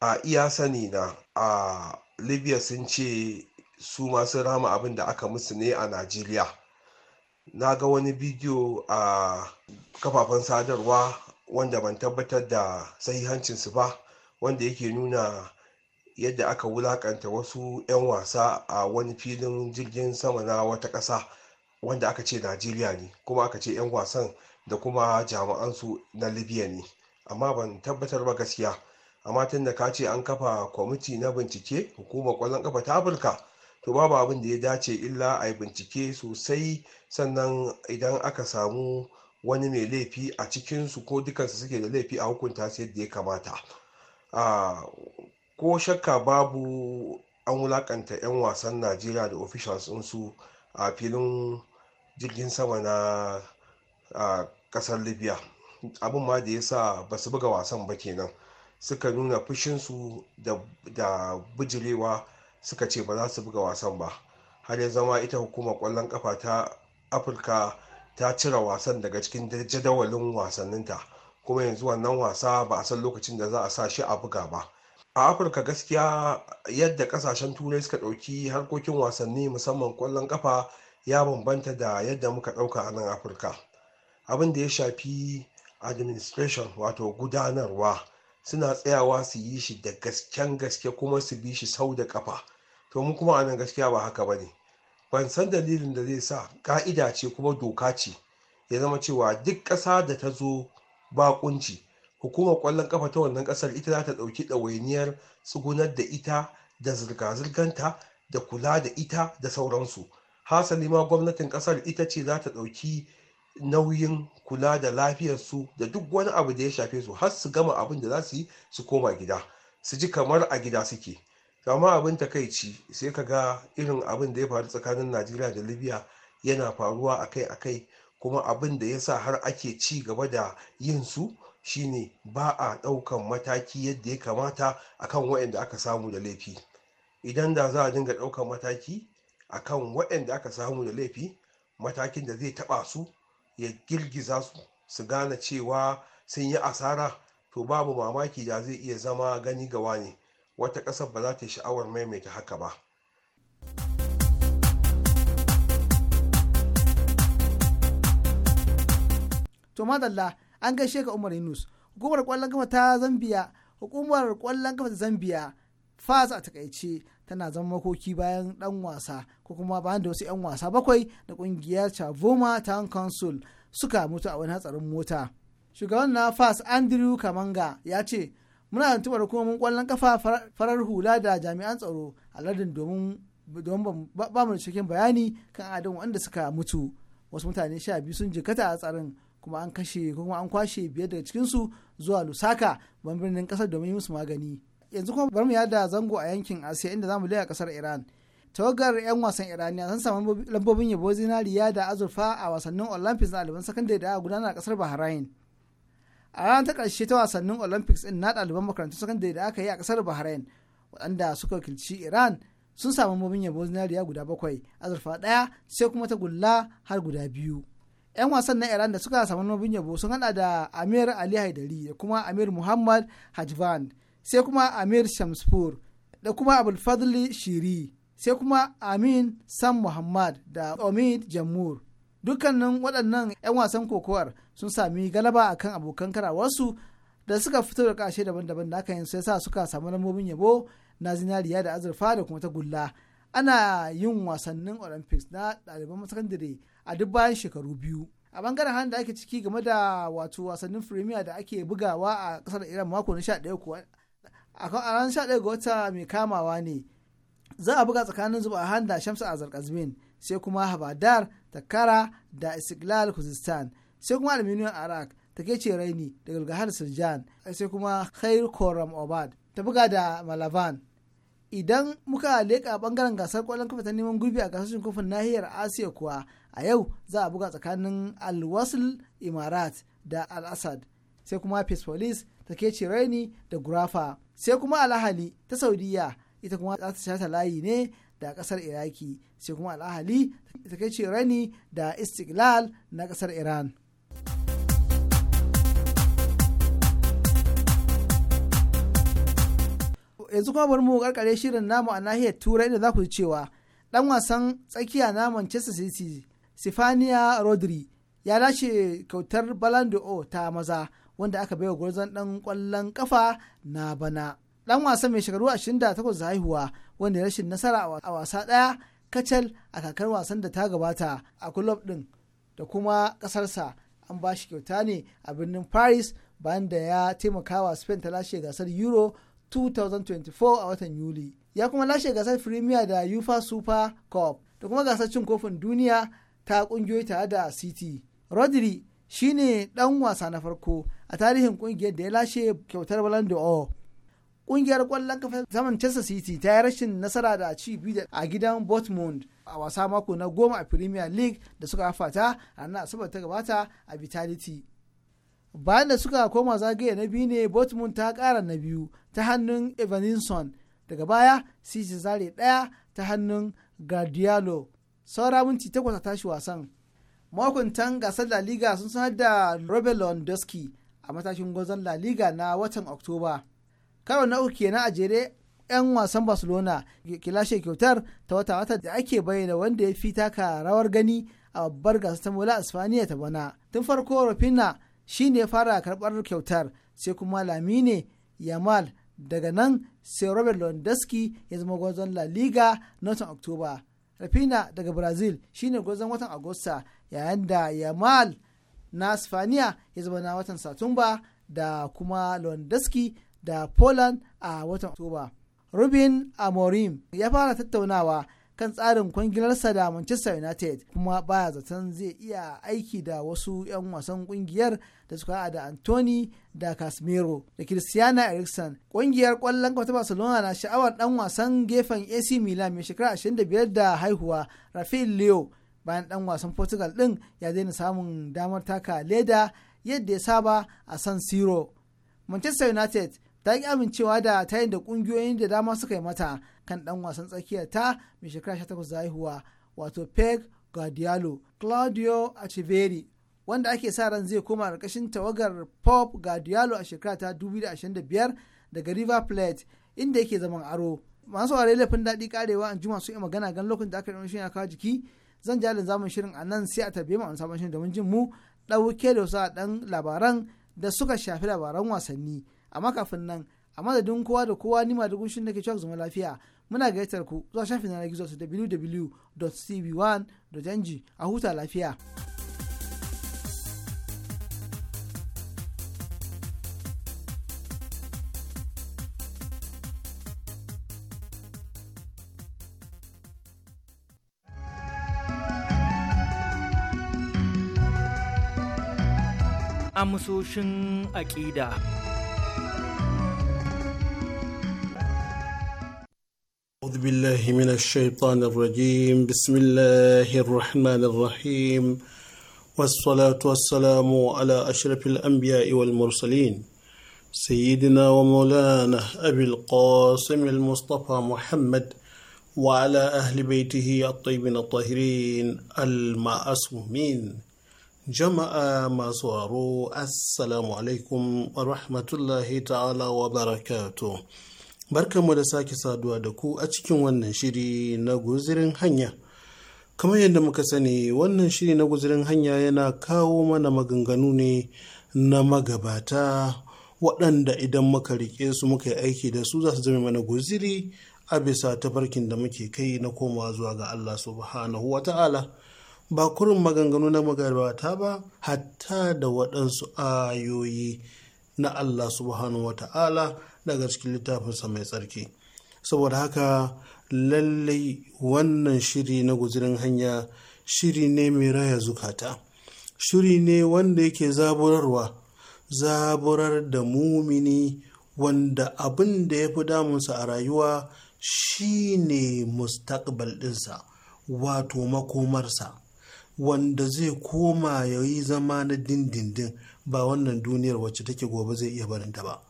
a iya sani na a libya sun ce su ma rama abin da aka musu ne a najeriya na ga wani bidiyo a kafafen sadarwa wanda ban tabbatar da sahihancinsu ba wanda yake nuna yadda aka wulakanta wasu 'yan wasa a wani filin jirgin sama na wata ƙasa wanda aka ce najeriya ne kuma aka ce 'yan wasan da kuma jami'ansu na libya ne amma ban tabbatar ba gaskiya amma tun da ka ce an kafa kwamiti na bincike hukumar kwallon kafa ta afirka to babu abin da ya dace illa a yi bincike sosai sannan idan aka samu wani mai laifi a cikinsu ko dukansu suke da laifi a hukunta su yadda ya kamata ko shakka babu an wulakanta 'yan wasan najeriya da officials su a filin jirgin sama na kasar libya abin ma da ya sa ba su buga wasan ba kenan suka nuna fushinsu da bijirewa suka ce ba za su buga wasan ba har ya zama ita hukumar kwallon kafa ta afirka ta cire wasan daga cikin jadawalin wasanninta kuma yanzu wannan wasa ba a san lokacin da za a sa shi a buga ba a afirka gaskiya yadda kasashen turai suka ɗauki harkokin wasanni musamman kwallon kafa ya bambanta da yadda muka ɗauka a nan afirka abin da ya shafi administration wato gudanarwa suna tsayawa su yi shi da gasken gaske kuma su bi shi sau da kafa to mu kuma a nan gaskiya ba haka ba ne ban san dalilin da zai sa ka'ida ce kuma doka ce ya zama cewa duk ƙasa da ta zo bakunci hukumar kwallon kafa ta wannan kasar ita za ta dauki ɗawainiyar tsugunar da ita da zirga-zirganta da kula da ita da sauransu hasali ma gwamnatin kasar ita ce za ta dauki nauyin kula da lafiyarsu da duk wani abu da ya shafe su har su gama abin da za su yi su koma gida su ji kamar a gida suke amma abin takaici sai ka ga irin abin da ya faru tsakanin najeriya da libya yana faruwa akai-akai kuma abin da ya sa har ake ci gaba da yin su shine ba a ɗaukan mataki yadda ya kamata akan waɗanda aka samu da laifi idan da za a dinga ɗaukan mataki akan waɗanda aka samu da laifi matakin da zai taɓa su ya girgiza su su gane cewa sun yi asara to babu mamaki da zai iya zama gani gawa ne wata ƙasar ba za ta yi sha'awar maimaita haka ba. to madalla an gaishe ka umar yunus hukumar kwallon kafa ta zambia hukumar kwallon kafa ta zambia fas a takaice tana zama makoki bayan dan wasa ko kuma bayan da wasu 'yan wasa bakwai da kungiyar chavoma town council suka mutu a wani hatsarin mota shugaban na fas andrew kamanga ya ce muna da tuntuɓar hukumomin kwallon kafa farar hula da jami'an tsaro a lardin domin ba mu da cikin bayani kan adon wanda suka mutu wasu mutane sha biyu sun jikata a tsarin kuma an kashe kuma an kwashe biyar daga cikinsu zuwa lusaka ban birnin kasar domin musu magani yanzu kuma bari mu yada zango a yankin asiya inda zamu a kasar iran tawagar 'yan wasan iraniya sun samu lambobin yabo zinariya da azurfa a wasannin olympics na ɗaliban sakandare da gudanar a kasar bahrain a ranar ta karshe ta wasannin olympics ɗin na ɗaliban makarantun sakandare da aka yi a kasar bahrain waɗanda suka kilci iran sun samu lambobin yabo zinariya guda bakwai azurfa daya sai kuma ta gulla har guda biyu 'yan wasan na iran da suka samu nobin yabo sun hada da amir ali haidari da kuma amir muhammad hajvan sai kuma amir shamspur da kuma Fadli shiri sai kuma amin sam muhammad da omid jamur dukkanin waɗannan 'yan wasan kokowar sun sami galaba akan abokan karawarsu da suka fito da ƙashe daban-daban da aka yin sai sa suka samu lambobin yabo na zinariya da azurfa da kuma ta gulla ana yin wasannin olympics na ɗaliban masakandare. a duk bayan shekaru biyu a bangaren hannun da ake ciki game da wato wasannin firimiya da ake bugawa a kasar iran mako na 11 kuwa a 11 ga wata mai kamawa ne za a buga tsakanin zuba a da shamsa a zarkazmin sai kuma habadar takara da istiklal kuzistan sai kuma aluminium arak ta kece raini da gulgahar sirjan sai kuma khair koram obad ta buga da malavan idan muka leƙa bangaren gasar kwallon kafa ta neman gurbi a gasar kofin nahiyar asiya kuwa a yau za a buga tsakanin alwasul imarat da al-assad sai kuma police ta keci raini da gurafa sai kuma alahali ta saudiya ita kuma za ta shata layi ne da kasar iraki sai kuma alahali ta keci raini da istiklal na kasar iran. yanzu kuma bari mu karkare shirin namu a nahiyar turai da za ku ji cewa dan wasan tsakiya na manchester city sifania rodri ya lashe kyautar ballon d'or ta maza wanda aka baiwa gwarzon dan kwallon kafa na bana dan wasan mai shekaru 28 da haihuwa wanda rashin nasara a wasa daya kacal a kakar wasan da ta gabata a kulob din da kuma kasarsa an ba shi kyauta ne a birnin paris bayan da ya taimaka wa spain ta lashe gasar euro 2024 a watan Yuli. Ya kuma lashe gasar Premier da UEFA Super Cup da kuma gasar cin kofin duniya ta kungiyoyi tare da City. Rodri shine ɗan wasa na farko a tarihin kungiyar da ya lashe kyautar Ballon d'Or. Kungiyar kwallon kafa zaman Chester City ta yi rashin nasara da ci biyu a gidan Bournemouth a wasa mako na goma a Premier League da suka fata a nan asabar ta gabata a Vitality. Bayan da suka koma zagaye na biyu ne Bournemouth ta kara na biyu ta hannun evaninson daga baya sai ta zare ɗaya ta hannun guardiola saura minti takwas a tashi wasan makuntan gasar la liga sun sanar da robert lewandowski a matashin gwazon la liga na watan oktoba karo na uku kenan a jere 'yan wasan barcelona kilashe kyautar ta wata wata da ake bayyana wanda ya fi taka rawar gani a babbar gasar ta mola Espaniya ta bana tun farko rufina shine ya fara karbar kyautar sai kuma lamine yamal daga nan sai robert lewandowski ya zama gwazon la liga na watan oktoba rafina daga brazil shine gwazon watan agusta yayin da yamal na spaniya ya zama na watan satumba da kuma lewandowski da poland a watan oktoba rubin amorim ya fara tattaunawa kan tsarin kwangilarsa da Manchester United kuma baya zaton zai iya aiki da wasu 'yan wasan kungiyar da suka da Anthony da Casemiro da Cristiano Eriksen. Kungiyar kwallon kafa ta Barcelona na sha'awar dan wasan gefen AC Milan mai shekara 25 da haihuwa Rafael Leo bayan dan wasan Portugal din ya daina samun damar taka leda yadda ya saba a San Siro. Manchester United ta yi amincewa da ta yin da kungiyoyin da dama suka yi mata kan dan wasan tsakiyar ta mai shekara 18 zaihuwa wato peg guardiolo claudio achiveri wanda ake sa ran zai koma ƙarƙashin tawagar pop guardiolo a shekara ta 2025 daga river plate inda yake zaman aro masu ware laifin daɗi karewa an juma su yi magana gan lokacin da aka yi shirin kawo jiki zan jalin zamun shirin a nan sai a tarbe ma a sabon shirin domin jin mu ɗauke da wasu a ɗan labaran da suka shafi labaran wasanni. amma kafin nan a madadin kowa da kowa ni da gunshin da ke cewa zama lafiya muna gayyatar ku zuwa shafin na gizo su www.cb1.ng a huta lafiya. amsoshin aƙida. أعوذ بالله من الشيطان الرجيم بسم الله الرحمن الرحيم والصلاة والسلام على أشرف الأنبياء والمرسلين سيدنا ومولانا أبي القاسم المصطفى محمد وعلى أهل بيته الطيبين الطاهرين المعصومين ما صاروا السلام عليكم ورحمة الله تعالى وبركاته Barka Barkanmu da sake saduwa da ku a cikin wannan shiri na guzirin hanya. Kamar yadda muka sani wannan shiri na guzirin hanya yana kawo mana maganganu ne na magabata waɗanda idan muka riƙe su muka yi aiki da su za su zama mana guziri a bisa tafarkin da muke kai na koma zuwa ga Allah subhanahu wa ta'ala. Ba kurin maganganu na magabata ba, hatta da waɗansu ayoyi na Allah subhanahu wa ta'ala daga cikin littafinsa mai tsarki saboda haka lallai wannan shiri na guzirin hanya shiri ne mai raya zukata shiri ne wanda yake zaburarwa zaburar da mumini wanda abin da ya fi damunsa a rayuwa shine mustaqbal ɗinsa wato makomarsa wanda zai koma ya yi zama na dindindin ba wannan duniyar wacce take gobe zai iya barinta ba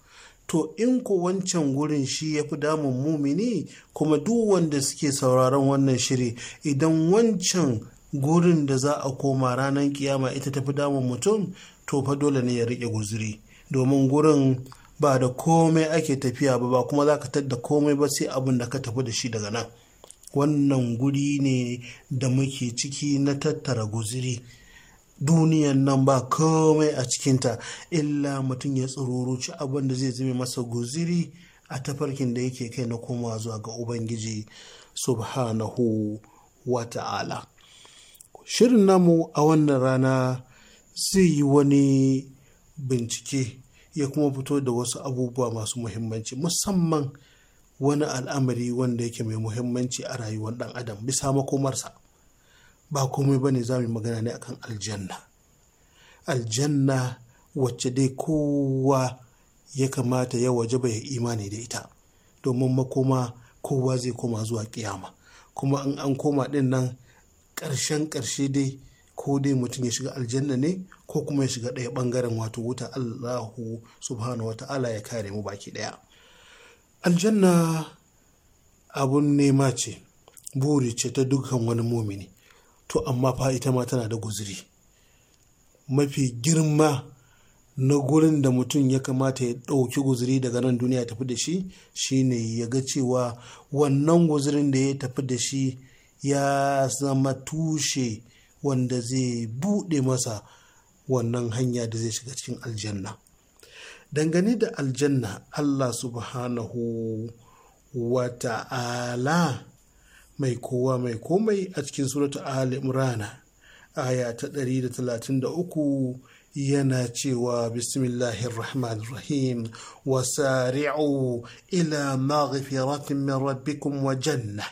to in ku wancan gurin shi ya fi damun mumini kuma duk wanda suke sauraron wannan shiri idan wancan gurin da za a koma ranar kiyama ita tafi damun mutum to fa dole ne ya riƙe guzuri domin gurin ba da komai ake tafiya ba ba kuma za ka tadda komai ba sai abin da ka tafi da shi daga nan wannan guri ne da muke ciki na tattara guzuri duniyan nan ba komai a cikinta illa mutum ya tsururuci abin da zai zame masa guziri a tafarkin da yake kai na koma zuwa ga ubangiji subhanahu wa ta'ala shirin namu a wannan rana zai yi wani bincike ya kuma fito da wasu abubuwa masu muhimmanci musamman wani al'amari wanda yake mai muhimmanci a rayuwar ɗan adam bisa makomarsa ba komai ba ne za mu magana ne akan aljanna aljanna wacce dai kowa ya kamata ya wajaba ya imani da ita domin makoma kowa zai koma zuwa kiyama kuma in an koma din nan ƙarshen ƙarshe dai ko dai mutum ya shiga aljanna ne ko kuma ya shiga ɗaya ɓangaren wato wuta allahu subhanahu wata'ala ya kare mu baki ɗaya aljanna abun nema ce buri ce ta dukkan wani mumini to amma fa ita ma tana da guziri mafi girma na gurin da mutum ya kamata ya ɗauki guziri daga nan duniya tafi da shi shine ya ga cewa wannan guzirin da ya tafi da shi ya zama tushe wanda zai buɗe masa wannan hanya da zai shiga cikin aljanna dangane da aljanna allah subhanahu wa ta'ala mai kowa mai komai a cikin suratu al-imrana aya ta ɗari da 133 yana cewa bismillahir rahmanir rahim wa sari'u ila maghfiratin min rabbikum wa janna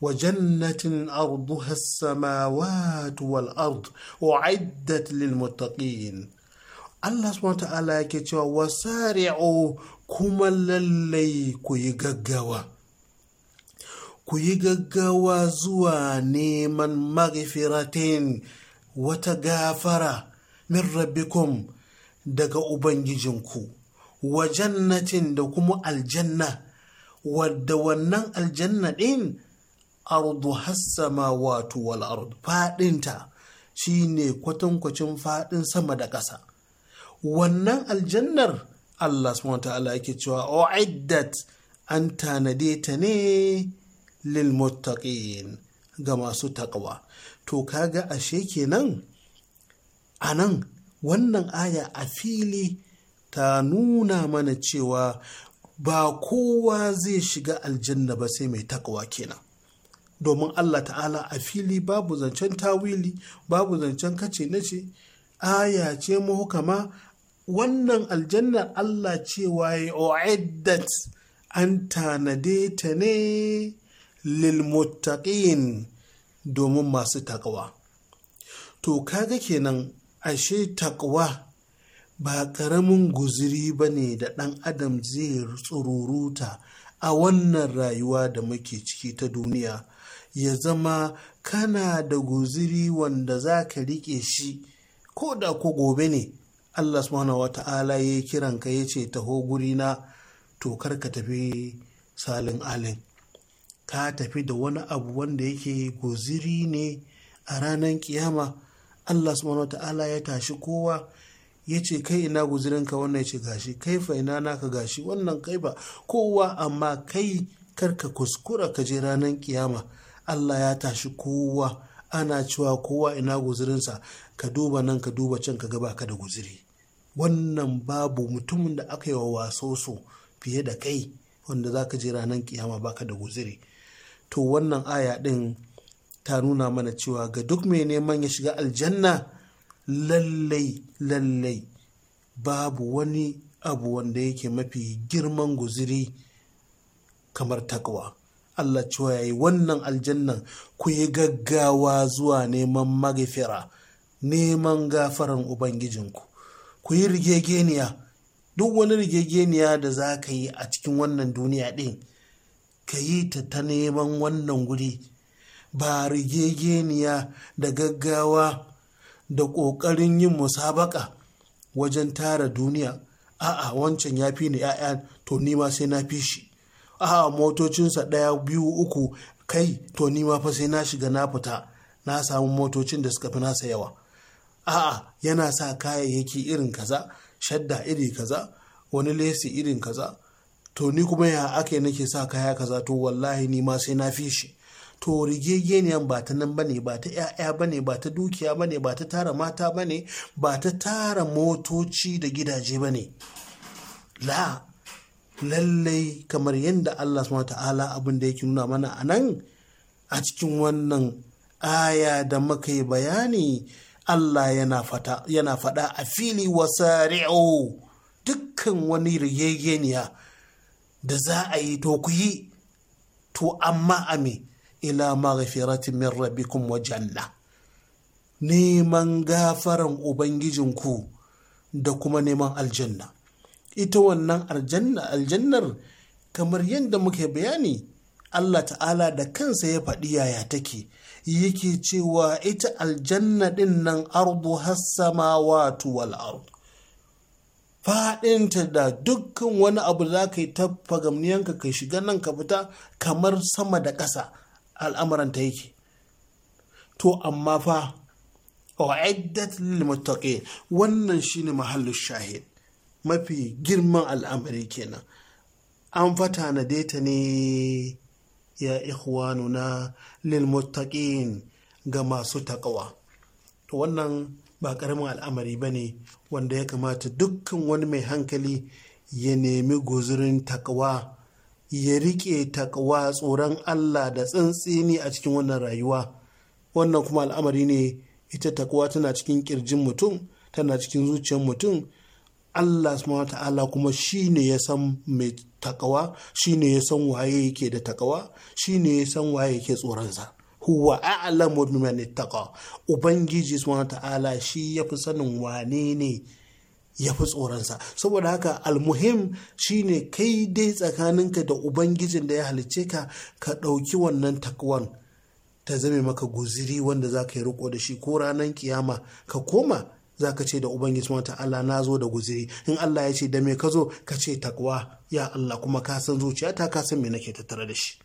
wa jannatin arduha as-samawati wa ard u'iddat lil muttaqin Allah subhanahu ta'ala yake cewa wa sari'u kuma lallai ku yi gaggawa ku yi gaggawa zuwa neman magifiratin wata gafara min rabbikum daga ubangijinku wa jannatin da kuma aljanna wadda wannan aljanna ɗin ardu hassama wato wal ardu faɗinta ne kwatankwacin faɗin sama da ƙasa wannan aljannar Allah subhanahu wa ta'ala yake cewa o'iddat an tanade ta ne lil ga masu taqwa to kaga ashe kenan nan, wannan aya a fili ta nuna mana cewa ba kowa zai shiga aljanna ba sai mai taqwa kenan domin Allah ta'ala a fili babu zancen tawili babu zancen kace na ce aya ce mahukama wannan aljannar Allah cewa ya o'iddat an tanade ta ne lilmuttaqin domin masu takawa to kaga kenan ashe takawa ba ƙaramin guziri ba ne da ɗan adam zai tsururuta a wannan rayuwa da muke ciki ta duniya ya zama kana da guziri wanda za ka riƙe shi ko da ko gobe ne allah subhanahu wa ta'ala ya kiranka ya ce taho gurina to kar ka tafi salin alin ka tafi da wani abu wanda yake goziri ne a ranar kiyama allah subhanahu ta'ala ya tashi kowa ya ce kai ina guzirinka wannan ya ce gashi kai fa ina naka gashi wannan kai ba kowa amma kai karka kuskura ka je ranar kiyama allah ya tashi kowa ana cewa kowa ina guzirinsa ka duba nan ka duba can ka gaba ka da guziri wannan babu mutumin da aka yi wa wasoso fiye da kai wanda za ka je ranar kiyama baka da guziri to wannan aya ɗin ta nuna mana cewa ga duk mai neman ya shiga aljanna lallai lallai babu wani abu wanda yake mafi girman guziri kamar takwa Allah cewa ya yi wannan aljannan ku yi gaggawa zuwa neman magafira neman gafaran ubangijinku ku yi rigegeniya duk wani rigegeniya da za ka yi a cikin wannan duniya ɗin ka yi ta ta neman wannan guri ba rigegeniya da gaggawa da ƙoƙarin yin musabaka wajen tara duniya a'a wancan ya fi ni ya'ya to nima sai na fi shi a'a motocinsa ɗaya biyu uku kai to nima ma fa sai na shiga na fita na samu motocin da suka fi nasa yawa a'a yana sa kayayyaki irin kaza shadda iri kaza wani lesi irin kaza to ni kuma ya ake nake sa kaya kaza to wallahi ni ma sai na fi shi to rigegeniyan ba ta nan bane ba ta 'ya'ya bane ba ta dukiya bane ba ta tara mata bane ba ta tara motoci da gidaje bane la lallai kamar yadda Allah subhanahu ta'ala abin da yake nuna mana anan, a cikin wannan aya da muka yi bayani Allah yana faɗa fada a fili wasari'u dukkan wani rigegeniya da za a yi to ku yi to amma ame ila maghfirati min rabbikum wa janna neman gafaran ubangijinku da kuma neman aljanna ita wannan aljanna aljannar kamar yadda muke bayani Allah ta'ala da kansa ya faɗi yaya take yake cewa ita aljanna ɗin nan ardu hassama watu wal ardu faɗinta da dukkan wani abu za ka yi ta fagamniyanka ka shiga nan ka fita kamar sama da ƙasa al'amuranta yake to amma fa wa'iddat lil muttaqin wannan shine mahallin shahid mafi girman al'amari kenan an fata na deta ne ya ikhwanuna lil muttaqin ga masu taƙawa. to wannan ba ƙaramin al'amari bane wanda ya kamata dukkan wani mai hankali ya nemi guzurin takawa ya riƙe takawa tsoron Allah da tsantsini a cikin wannan rayuwa wannan kuma al'amari ne ita takawa tana cikin kirjin mutum tana cikin zuciyar mutum Allah subhanahu ta'ala kuma shine ya san mai takawa shine ya san waye yake da takawa shine ya san waye yake tsoronsa huwa a'lamu biman ittaqa ubangiji subhanahu ta'ala shi yafi sanin wane ne yafi tsoronsa saboda haka almuhim shine kai dai tsakaninka da ubangijin da ya halice ka ka ɗauki wannan takwan ta zame maka guziri wanda za ka yi riko da shi ko ranar kiyama ka koma za ka ce da ubangiji wata ta'ala na zo da guziri in Allah ya ce da me ka zo ka ce takwa ya Allah kuma ka san ta ka san me nake tattare da shi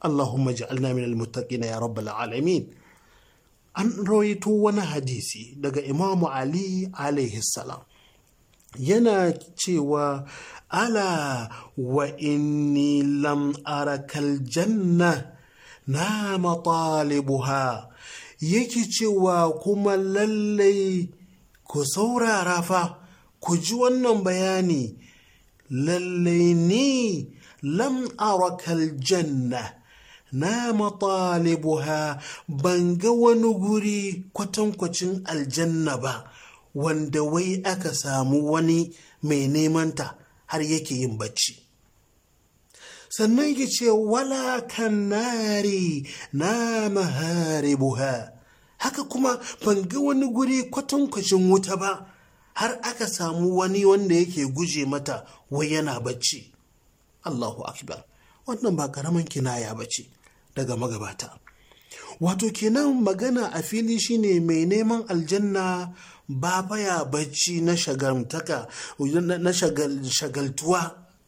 Allahumma ja'alna minal muttaqina ya rabbal alamin an rawaito wani hadisi daga Imamu Ali alaihi salam yana cewa ala wa inni lam arakal janna na matalibuha yake cewa kuma lallai ku saurara fa ku ji wannan bayani lallai ni lam arakal janna na matalibuha ban ga wani guri kwatankwacin aljanna ba wanda wai aka samu wani mai nemanta har yake yin bacci sannan ki ce wala nari na maharibuha haka kuma ban ga wani guri kwatankwacin wuta ba har aka samu wani wanda yake guje mata wai yana bacci Allahu akbar wannan ba ƙaramin kinaya ba ce daga magabata wato kenan magana a fili shine mai neman aljanna ba baya bacci na na shagaltuwa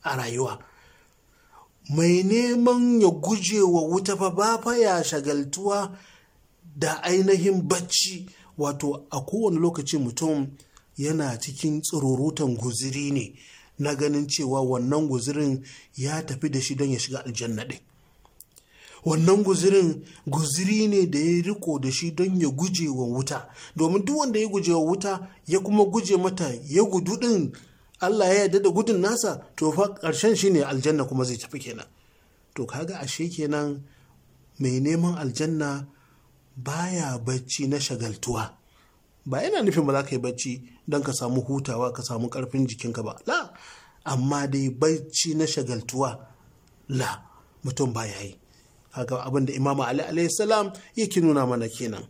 a rayuwa mai neman ya guje wa wuta fa ba baya shagaltuwa da ainihin bacci wato a kowane lokaci mutum yana cikin tsirurutan guziri ne na ganin cewa wannan guzirin ya tafi da shi don ya shiga aljanna ɗin wannan guzirin guziri ne da ya riko da shi don ya guje wa wuta domin duk wanda ya guje wa wuta ya kuma guje mata ya gudu din Allah ya yarda da gudun nasa to fa ƙarshen shi ne aljanna kuma zai tafi kenan to kaga ashe kenan mai neman aljanna baya bacci na shagaltuwa ba yana nufin ba za ka yi bacci don ka samu hutawa ka samu ƙarfin jikinka ba la amma dai bacci na shagaltuwa la mutum ya yi kaga abin da imamu ali alayhi salam yake nuna mana kenan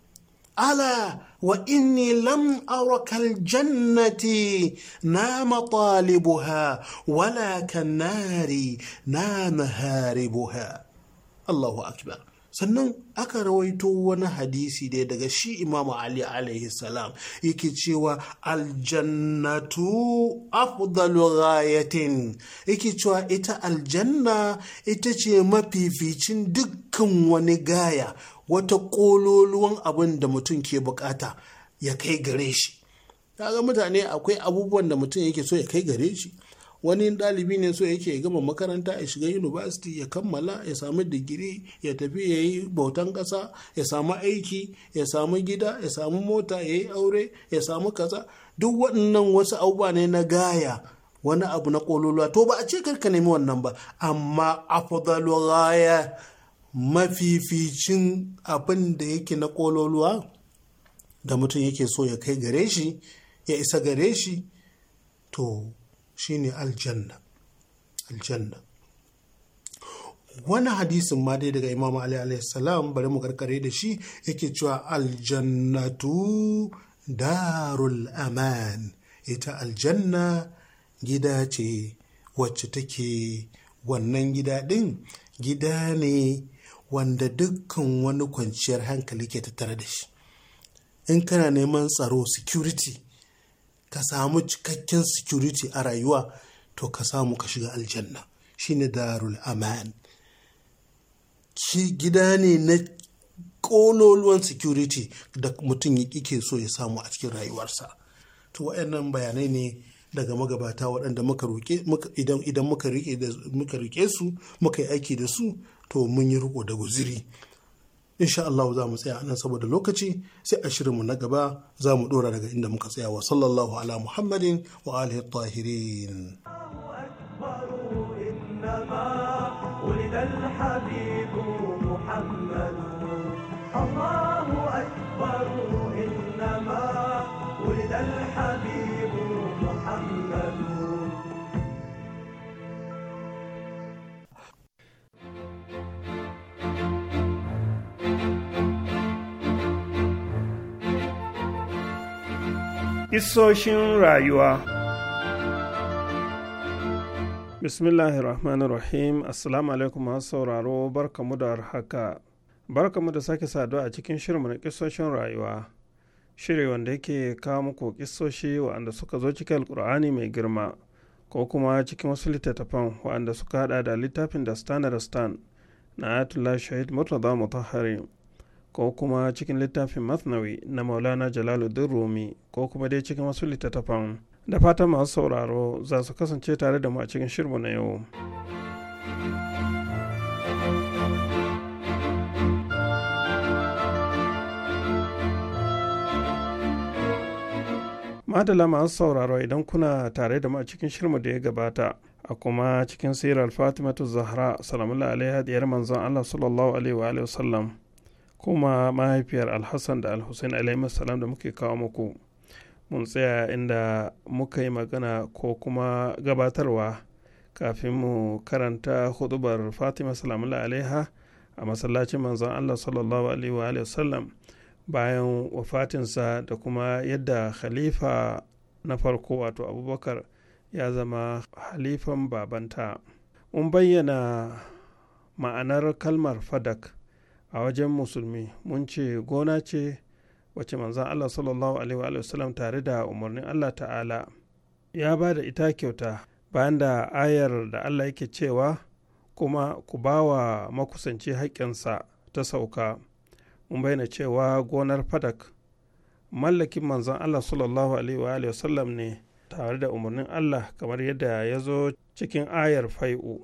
ala wa inni lam araka aljannati na matalibuha wala kan nari na maharibuha Allahu akbar sannan aka rawaito wani hadisi da daga shi imamu ali alaihi salam yake cewa aljannatu afdalu ghayatin yake cewa ita aljanna ita ce mafificin dukkan wani gaya wata kololuwan abin da mutum ke bukata ya kai gare shi ga mutane akwai abubuwan da mutum yake so ya kai gare shi wani ɗalibi ne so yake ya gama makaranta ya shiga university ya kammala ya samu digiri ya tafi ya yi bautan ƙasa ya samu aiki ya samu gida ya samu mota ya yi aure ya samu kaza duk waɗannan wasu abubuwa ne na gaya wani abu na ƙololuwa to ba a ce karka nemi wannan ba amma afdalu gaya mafificin abin da yake na ƙololuwa da mutum yake so ya kai gare shi ya isa gare shi to ne aljanna aljanna wani hadisin ma dai daga imam ali alayhi salam bari mu karkare da shi yake cewa aljannatu darul aman ita aljanna gida ce wacce take wannan gida din? gida ne wanda dukkan wani kwanciyar hankali ke tattare da shi in kana neman tsaro security ka samu cikakken security a rayuwa to ka samu ka shiga aljanna shine darul aman shi gida ne na kololuwan security da mutum yake so ya samu a cikin rayuwarsa to waɗannan bayanai ne daga magabata waɗanda muka roƙe idan muka riƙe su muka yi aiki da su to mun yi riko da guziri insha Allah za mu tsaya nan saboda lokaci sai a shirin mu na gaba za mu dora daga inda muka tsaya wa sallallahu ala muhammadin wa alihi tahirin Isoshin rayuwa Bismillahir Rahmanir Rahim Assalamu alaikum masu sauraro barkamu da haka barkamu da sake saduwa a cikin shirinmu na kisoshin rayuwa shiri wanda yake kawo muku kisoshi waɗanda suka zo cikin alkur'ani mai girma ko kuma cikin wasu littattafan waɗanda suka haɗa da littafin da stan da stan na ayatollah shahid murtaza mutahari ko kuma cikin littafin masnawi na maulana Jalalu jalaluddin rumi ko kuma dai cikin wasu littattafan da fatan masu sauraro za su kasance tare da mu a cikin shirmu na yau madala masu sauraro idan kuna tare da mu a cikin shirmu da ya gabata a kuma cikin sirar fatimatu zahra salamu alaihi manzon allah sallallahu alaihi wa sallam kuma mahaifiyar alhassan da alhussein alaihi da muke kawo muku mun tsaya inda muka yi magana ko kuma gabatarwa kafin mu karanta hudubar fatima salamula alaiha a masallacin manzon allah sallallahu alaihi wa wasallam bayan wafatinsa da kuma yadda khalifa na farko wato abubakar ya zama halifan babanta mun bayyana ma'anar kalmar fadak a wajen musulmi mun ce gona ce wacce manzan Allah sallallahu alaihi wasallam tare da umarnin Allah ta'ala ya ba da ita kyauta bayan da ayar da Allah yake cewa kuma ku ba wa makusanci haƙƙinsa ta sauka mun bayyana cewa gonar fadak mallakin manzan Allah sallallahu alaihi wasallam ne tare da umarnin Allah kamar yadda ya zo cikin ayar fai'u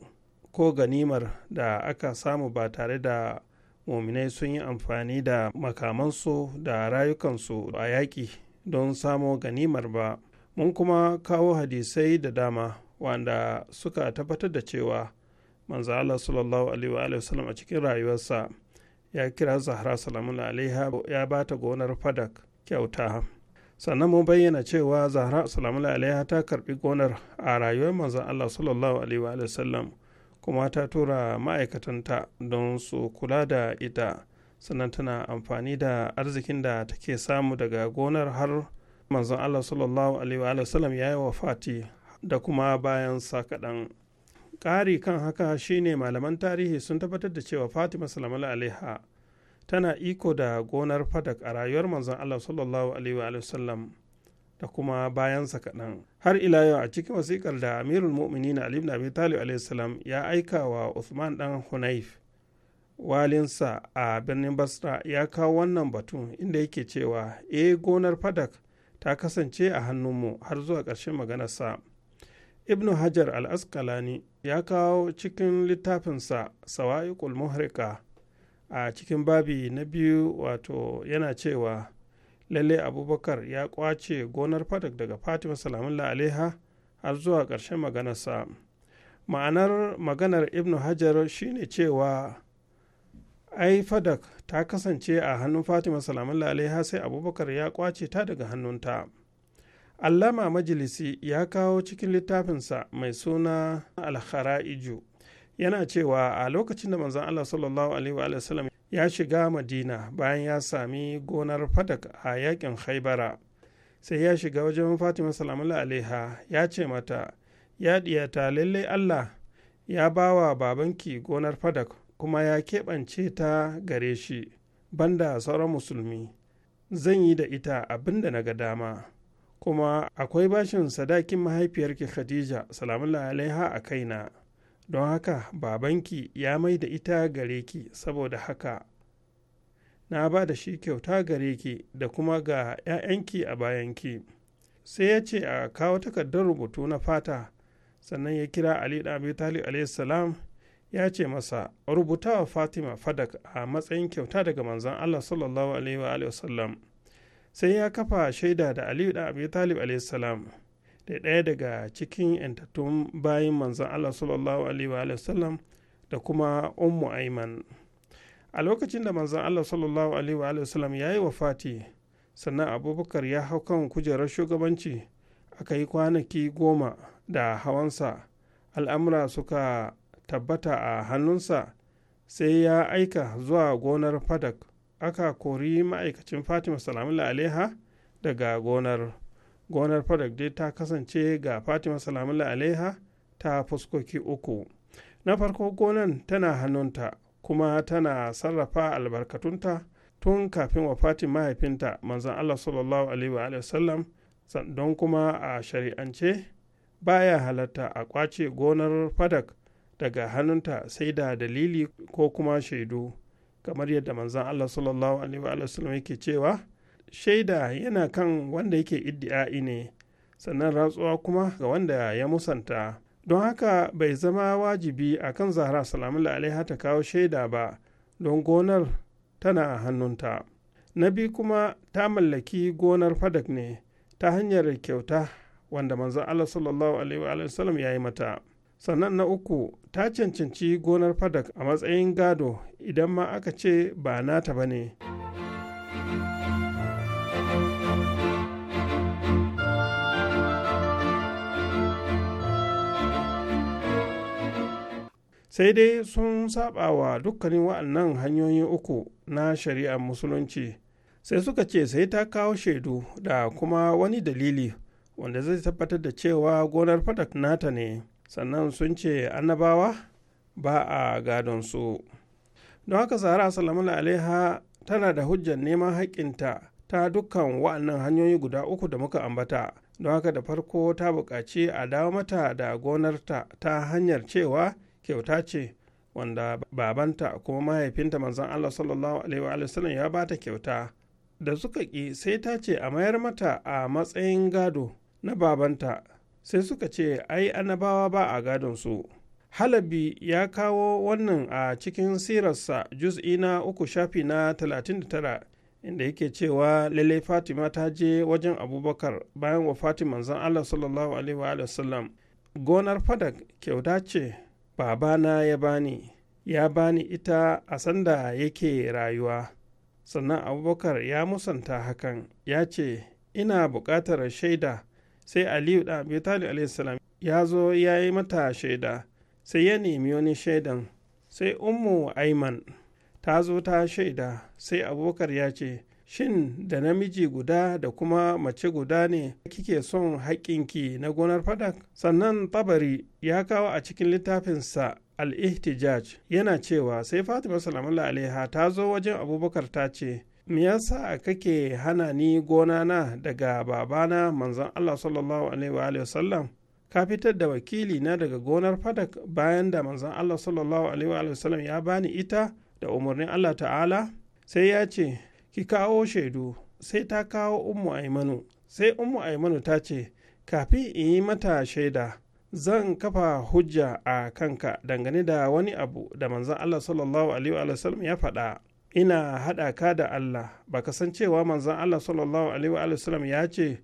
ko ganimar da aka samu ba tare da muminai sun yi amfani da makamansu da rayukansu a yaƙi don samo ganimar ba mun kuma kawo hadisai da dama wanda suka tabbatar da cewa manzo Allah sallallahu alaihi wasallam a cikin rayuwarsa ya kira Zahra salamun alaiha ya ba ta gonar Fadak kyauta sannan mun bayyana cewa Zahra salamun alaiha ta karbi gonar a rayuwar manzo Allah sallallahu alaihi wasallam kuma ta tura ma'aikatanta don su kula da ita sannan tana amfani da arzikin da take samu daga gonar har manzon Allah sallallahu alaihi wa sallam ya yi wa fati da kuma bayan sa kaɗan. ƙari kan haka shine malaman tarihi sun tabbatar da cewa fatima salamu alaiha tana iko da gonar fadak a rayuwar manzon Allah sallallahu alaihi wa sallam da kuma bayansa kaɗan har ila yau a cikin wasiƙar da amirul mu'minin ali ibn abi talib alaihissalam ya aika wa usman ɗan hunaif walinsa a birnin basra ya kawo wannan batun inda yake cewa e gonar fadak ta kasance a hannunmu har zuwa ƙarshen maganarsa Ibn hajar al askalani ya kawo cikin littafinsa sawa'iqul muhrika a cikin babi na biyu wato yana cewa lalle abubakar ya kwace gonar fadak daga fatima salamullah alaiha har zuwa ƙarshen maganarsa ma'anar maganar ibn hajar shine cewa ai fadak ta kasance a hannun fatima salamullah alaiha sai abubakar ya kwace ta daga hannunta allama majalisi ya kawo cikin littafinsa mai suna alhara'iju yana cewa a lokacin da manzon allah sallallahu alaihi wa sallam ya shiga madina bayan ya sami gonar fadak a yakin haibara sai ya shiga wajen fatima salamu alaiha ya ce mata ya diyata lallai allah ya bawa wa babanki gonar fadak kuma ya keɓance ta gare shi banda sauran musulmi zan yi da ita abin da na ga dama kuma akwai bashin sadakin mahaifiyarki khadija salamu alaiha a kaina don haka babanki ya mai da ita gare ki saboda haka na ba da shi kyauta gare ki da kuma ga 'ya'yanki a bayanki sai ya ce a kawo takardar rubutu na fata sannan ya kira ali abi talib salam ya ce masa rubuta wa fatima fadak a matsayin kyauta daga manzan allah sallallahu alaihi wa sallam sai ya kafa shaida da ali da abi talib salam da ɗaya daga cikin yantattun bayan manzan Allah sallallahu alaihi wa da kuma ummu aiman a lokacin da manzan Allah sallallahu alaihi wa ya yi wafati sannan abubakar ya hau kan kujerar shugabanci aka yi kwanaki goma da hawansa al'amura suka tabbata a hannunsa sai ya aika zuwa gonar fadak aka kori ma'aikacin fatima salamu alaiha daga gonar gonar fadak dai ta kasance ga fatima salamullah alaiha ta fuskoki uku na farko gonan tana hannunta kuma tana sarrafa albarkatunta tun kafin fatima mahaifinta manzan allah sallallahu alaihi wa sallam don kuma a shari'ance baya halatta a kwace gonar fadak daga hannunta sai da dalili ko kuma shaidu kamar yadda manzan allah sallallahu alaihi wa sallam yake cewa shaida yana kan wanda yake iddi'a'i ne sannan ratsuwa kuma ga wanda ya musanta don haka bai zama wajibi a kan zahra salamu alaiha ta kawo shaida ba don gonar tana a hannunta na biyu kuma ta mallaki gonar fadak ne ta hanyar kyauta wanda manzan allah sallallahu alaihi ya yi mata sannan na uku ta cancanci gonar fadak a matsayin gado idan ma aka ce ba nata ba ne. sai dai sun saba wa dukkanin wa'annan hanyoyi uku na shari'ar musulunci sai suka ce sai ta kawo shaidu da kuma wani dalili wanda zai tabbatar da cewa gonar fadak nata ne sannan sun ce annabawa ba a gadon su don haka sahara salamun alaiha tana da hujjar neman haƙƙinta ta dukkan wa'annan hanyoyi guda uku da muka ambata don haka da farko ta buƙaci a dawo mata da gonarta ta hanyar cewa kyauta ce wanda babanta kuma mahaifinta manzon Allah sallallahu alaihi ya ya bata kyauta da suka ƙi sai ta ce a mayar mata a matsayin gado na babanta sai suka ce ai annabawa ba a gadon su halabi ya kawo wannan a cikin sirarsa juz'i na uku shafi na 39 inda yake cewa Lele fatima ta je wajen abubakar bayan wa fatima manzon allah sallallahu alaihi wa gonar fadak kyauta ce babana ya bani ya bani ita a sanda yake rayuwa sannan abubakar ya musanta hakan ya ce ina buƙatar shaida sai aliyu da abitali talib ya zo ya yi mata shaida sai ya nemi wani shaidan sai ummu aiman ta zo ta shaida sai abubakar ya ce shin da namiji guda da kuma mace guda ne kike son haƙƙinki na gonar fadak sannan tabari ya kawo a cikin littafinsa al-ihtijaj yana cewa sai fatima salamallah alaiha ta zo wajen abubakar ta ce me yasa kake hana ni gona na daga babana manzon allah sallallahu alaihi wa ka fitar da wakili na daga gonar fadak bayan da manzon allah sallallahu alaihi wa ya bani ita da umarnin allah ta'ala sai ya ce ki kawo shaidu sai ta kawo ummu aimanu sai ummu aimanu ta ce kafin in yi mata shaida zan kafa hujja a kanka dangane da wani abu da manzan allah sallallahu alaihi wa ya faɗa ina haɗa ka da allah baka san cewa manzan allah sallallahu alaihi wa ya ce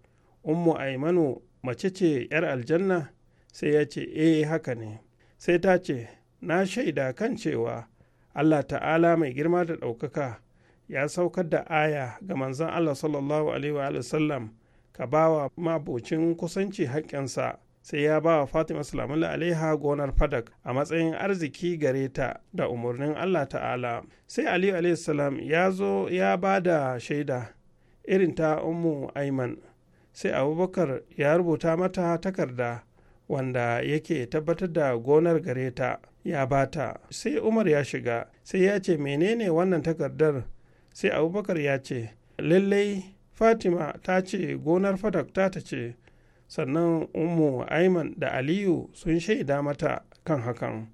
ummu aimanu mace ce yar aljanna sai ya ce eh haka ne sai ta ce na shaida kan cewa allah ta'ala mai girma da ɗaukaka ya saukar da aya ga manzon Allah sallallahu alaihi wa sallam ka bawa mabocin kusanci haƙƙinsa sai ya ba wa Fatima Salamullah alaiha gonar Fadak a matsayin arziki gare ta da umarnin Allah ta'ala. Sai Aliyu a.s ya zo ya ba da shaida irin ta Ummu Aiman. Sai Abubakar ya rubuta mata takarda wanda yake tabbatar da gonar gare ta ya bata. Sai Umar ya shiga sai ya ce menene wannan takardar sai abubakar ya ce lallai fatima ta ce gonar fadak ta ta ce sannan umu aiman da aliyu sun shaida mata kan hakan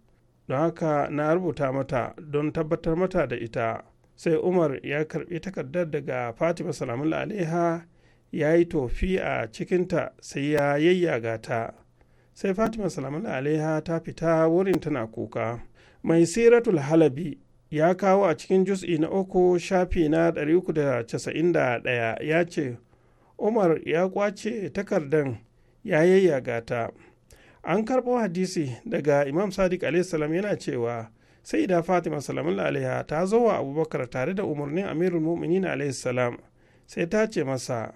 don haka na rubuta mata don tabbatar mata da ita sai umar ya karbi takardar daga fatima salamun alaiha ya yi tofi a cikinta sai ya yayyaga ta sai fatima salamun alaiha ta fita wurin tana kuka mai siratul halabi ya kawo a cikin jus'i na uku shafi na 391 ya ce umar ya kwace takardan ya yayyaga ta an karɓo hadisi daga imam sadiq salam yana cewa sai da fatima salamun alaiha ta zo wa abubakar tare da umarnin amirul mu'minin salam sai ta ce masa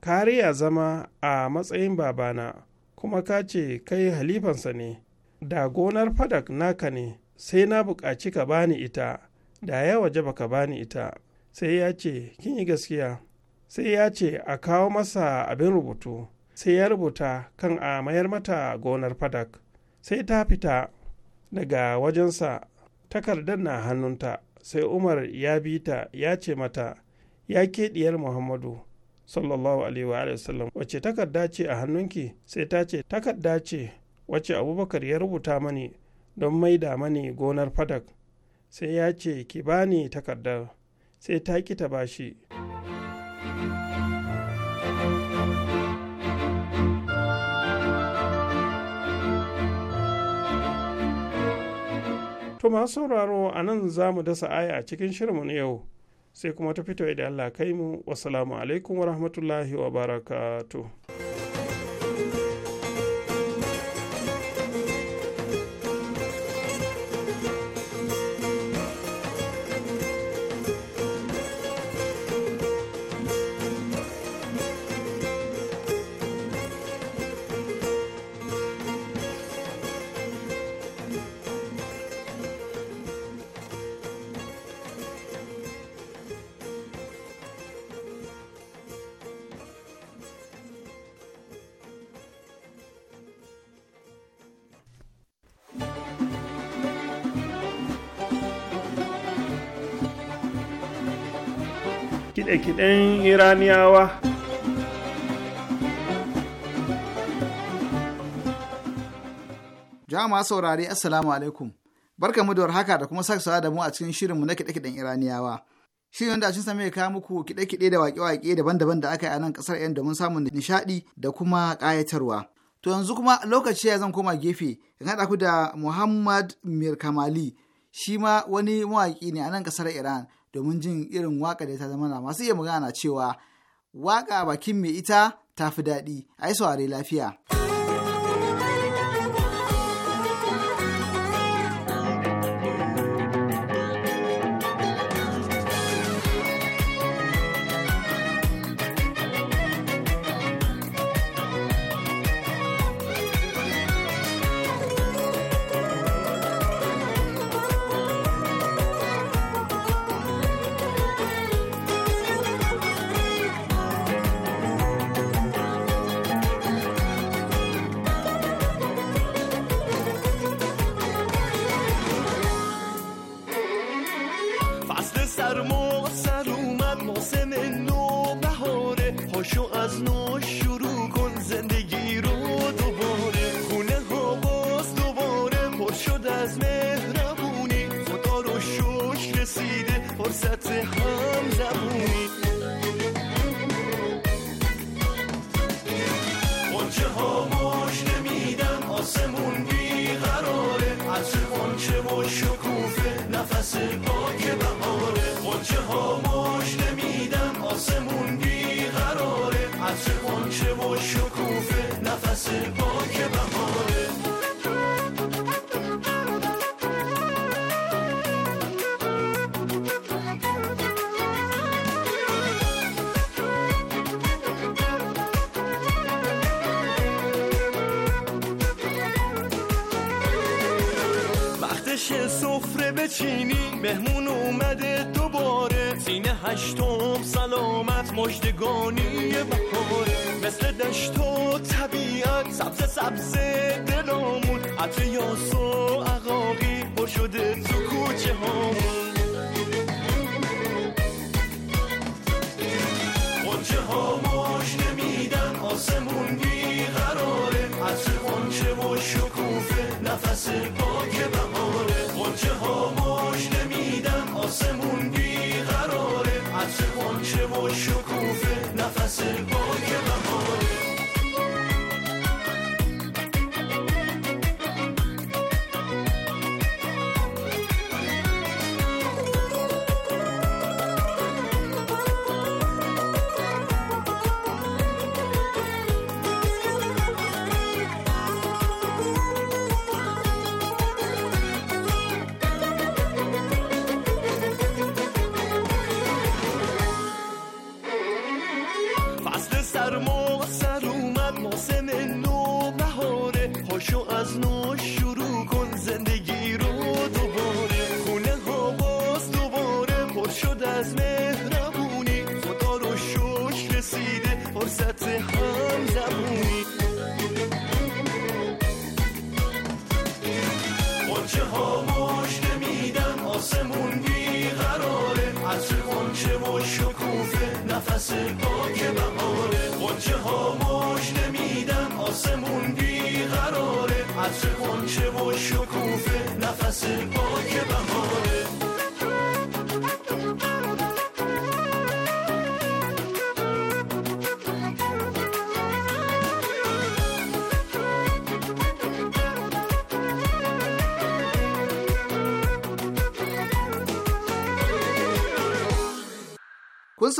kariya zama a matsayin babana kuma ka ce kai halifansa ne da gonar fadak naka ne sai na buƙaci ka bani ita da ya waje baka bani ita sai ya ce kin yi gaskiya sai ya ce a kawo masa abin rubutu sai ya rubuta kan a mayar mata gonar fadak sai ta fita daga wajensa takardar na hannunta sai umar ya bi ta ya ce mata ya ke diyar muhammadu sallallahu alaihi wa sallam wacce takarda ce a hannunki sai ta ce takarda ce wace abubakar ya rubuta mani don maida mani gonar fadak sai ya ce ki bani takardar sai ta ki ta bashi To masu sauraro a nan za mu dasa aya a cikin shirinmu na yau sai kuma ta fito idan Allah kai mu. Wasalamu alaikum wa rahmatullahi wa barakatuh. iraniyawa jama'a saurari assalamu alaikum barka mu da warhaka da kuma sake da mu a cikin shirinmu na kiɗe-kiɗen iraniyawa shirin wanda a cikin mai kawo muku kiɗe-kiɗe da waƙe-waƙe daban-daban da aka yi a nan ƙasar yan domin samun nishaɗi da kuma ƙayatarwa to yanzu kuma lokaci ya zan koma gefe in haɗa ku da muhammad mirkamali shi ma wani mawaƙi ne a nan ƙasar iran domin jin irin waka da ta zama na masu iya magana cewa waka bakin mai ita ta fi daɗi ai saurari lafiya. غنچه و شکوفه نفس پاک بهاره غنچه ها ماش نمیدم آسمون بیقراره عطر غنچه و شکوفه نفس پاک چینی مهمون اومده دوباره سینه هشتم سلامت مجدگانی بهاره مثل دشت و طبیعت سبز سبز دلامون عطر یاس و عقاقی شده تو کوچه هامون قنچه ها مش نمیدن آسمون بیقراره عطر قنچه و شکوفه نفس پاک موندی قراره عطر چه و شکوفه نفس با که نفس پاک بهاره قنچه ها موج نمیدن آسمون بیقراره عطر قنچه و شکوفه نفس پاک بهاره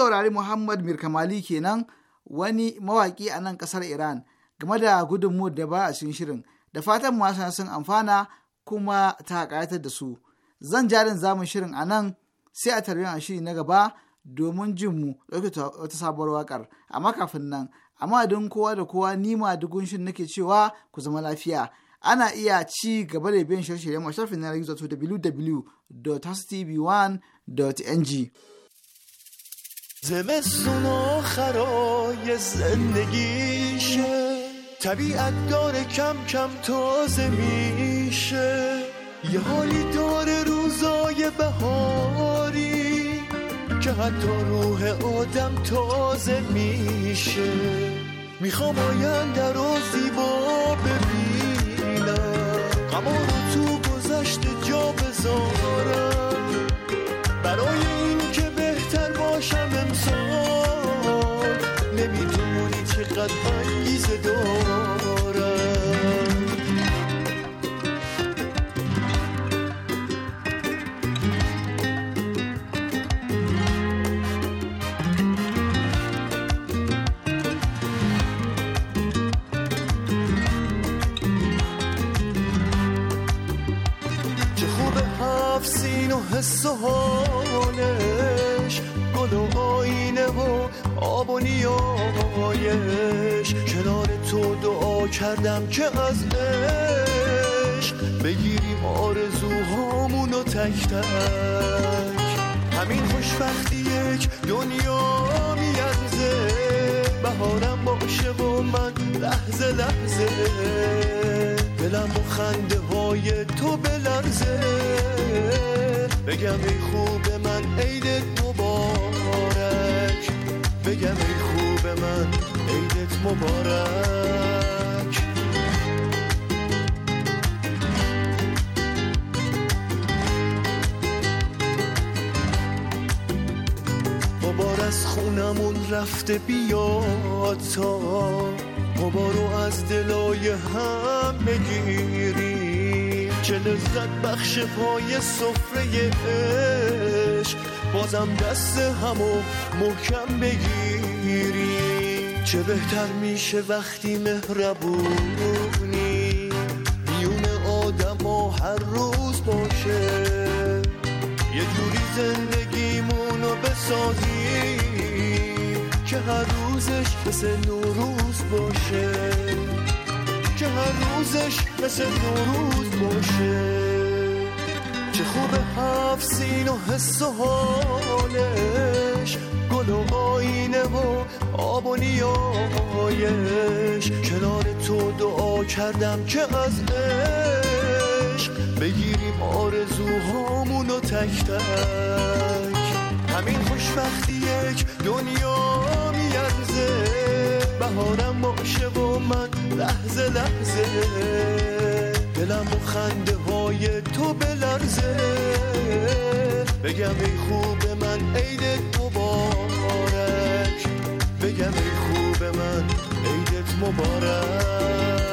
saurari Muhammad Mirkamali kenan wani mawaki a nan kasar Iran game da gudunmuwar da ba a cikin shirin da fatan masu sun amfana kuma ta ƙayatar da su. Zan jarin zamun shirin a nan sai a tarbiyyar shiri na gaba domin jin mu ɗauke wata sabuwar wakar Amma kafin nan, amma don kowa da kowa nima dugun shirin nake cewa ku zama lafiya. Ana iya ci gaba da biyan shirye-shiryen mashafin na gizo 1ng زمستون آخرای زندگیشه طبیعت داره کم کم تازه میشه یه حالی داره روزای بهاری که حتی روح آدم تازه میشه میخوام آینده رو زیبا ببینم اما رو تو گذشت جا بذارم برای حقیقت انگیز دارد حفظین و حس و حالش گل و آینه و آب و نمایش کنار تو دعا کردم که از عشق بگیریم و تک تک همین خوشبختی یک دنیا میرزه بهارم باشه و من لحظه لحظه دلم و خنده تو بلرزه بگم ای خوب من عید مبارک بگم ای خوب من عیدت مبارک بابار از خونمون رفته بیاد تا مبارو از دلای هم بگیریم چه لذت بخش پای سفره اش بازم دست همو محکم بگیر چه بهتر میشه وقتی مهربونی میون آدم هر روز باشه یه جوری زندگیمونو بسازی که هر روزش مثل نوروز باشه که هر روزش مثل نوروز باشه چه خوب حفظین و حس و حاله آب و نیایش کنار تو دعا کردم که از عشق بگیریم آرزوهامون و تک تک همین خوشبختی یک دنیا میارزه بهارم باشه و من لحظه لحظه دلم و خنده های تو بلرزه بگم ای خوب من عیدت مبارک میگم ای خوب من عیدت مبارک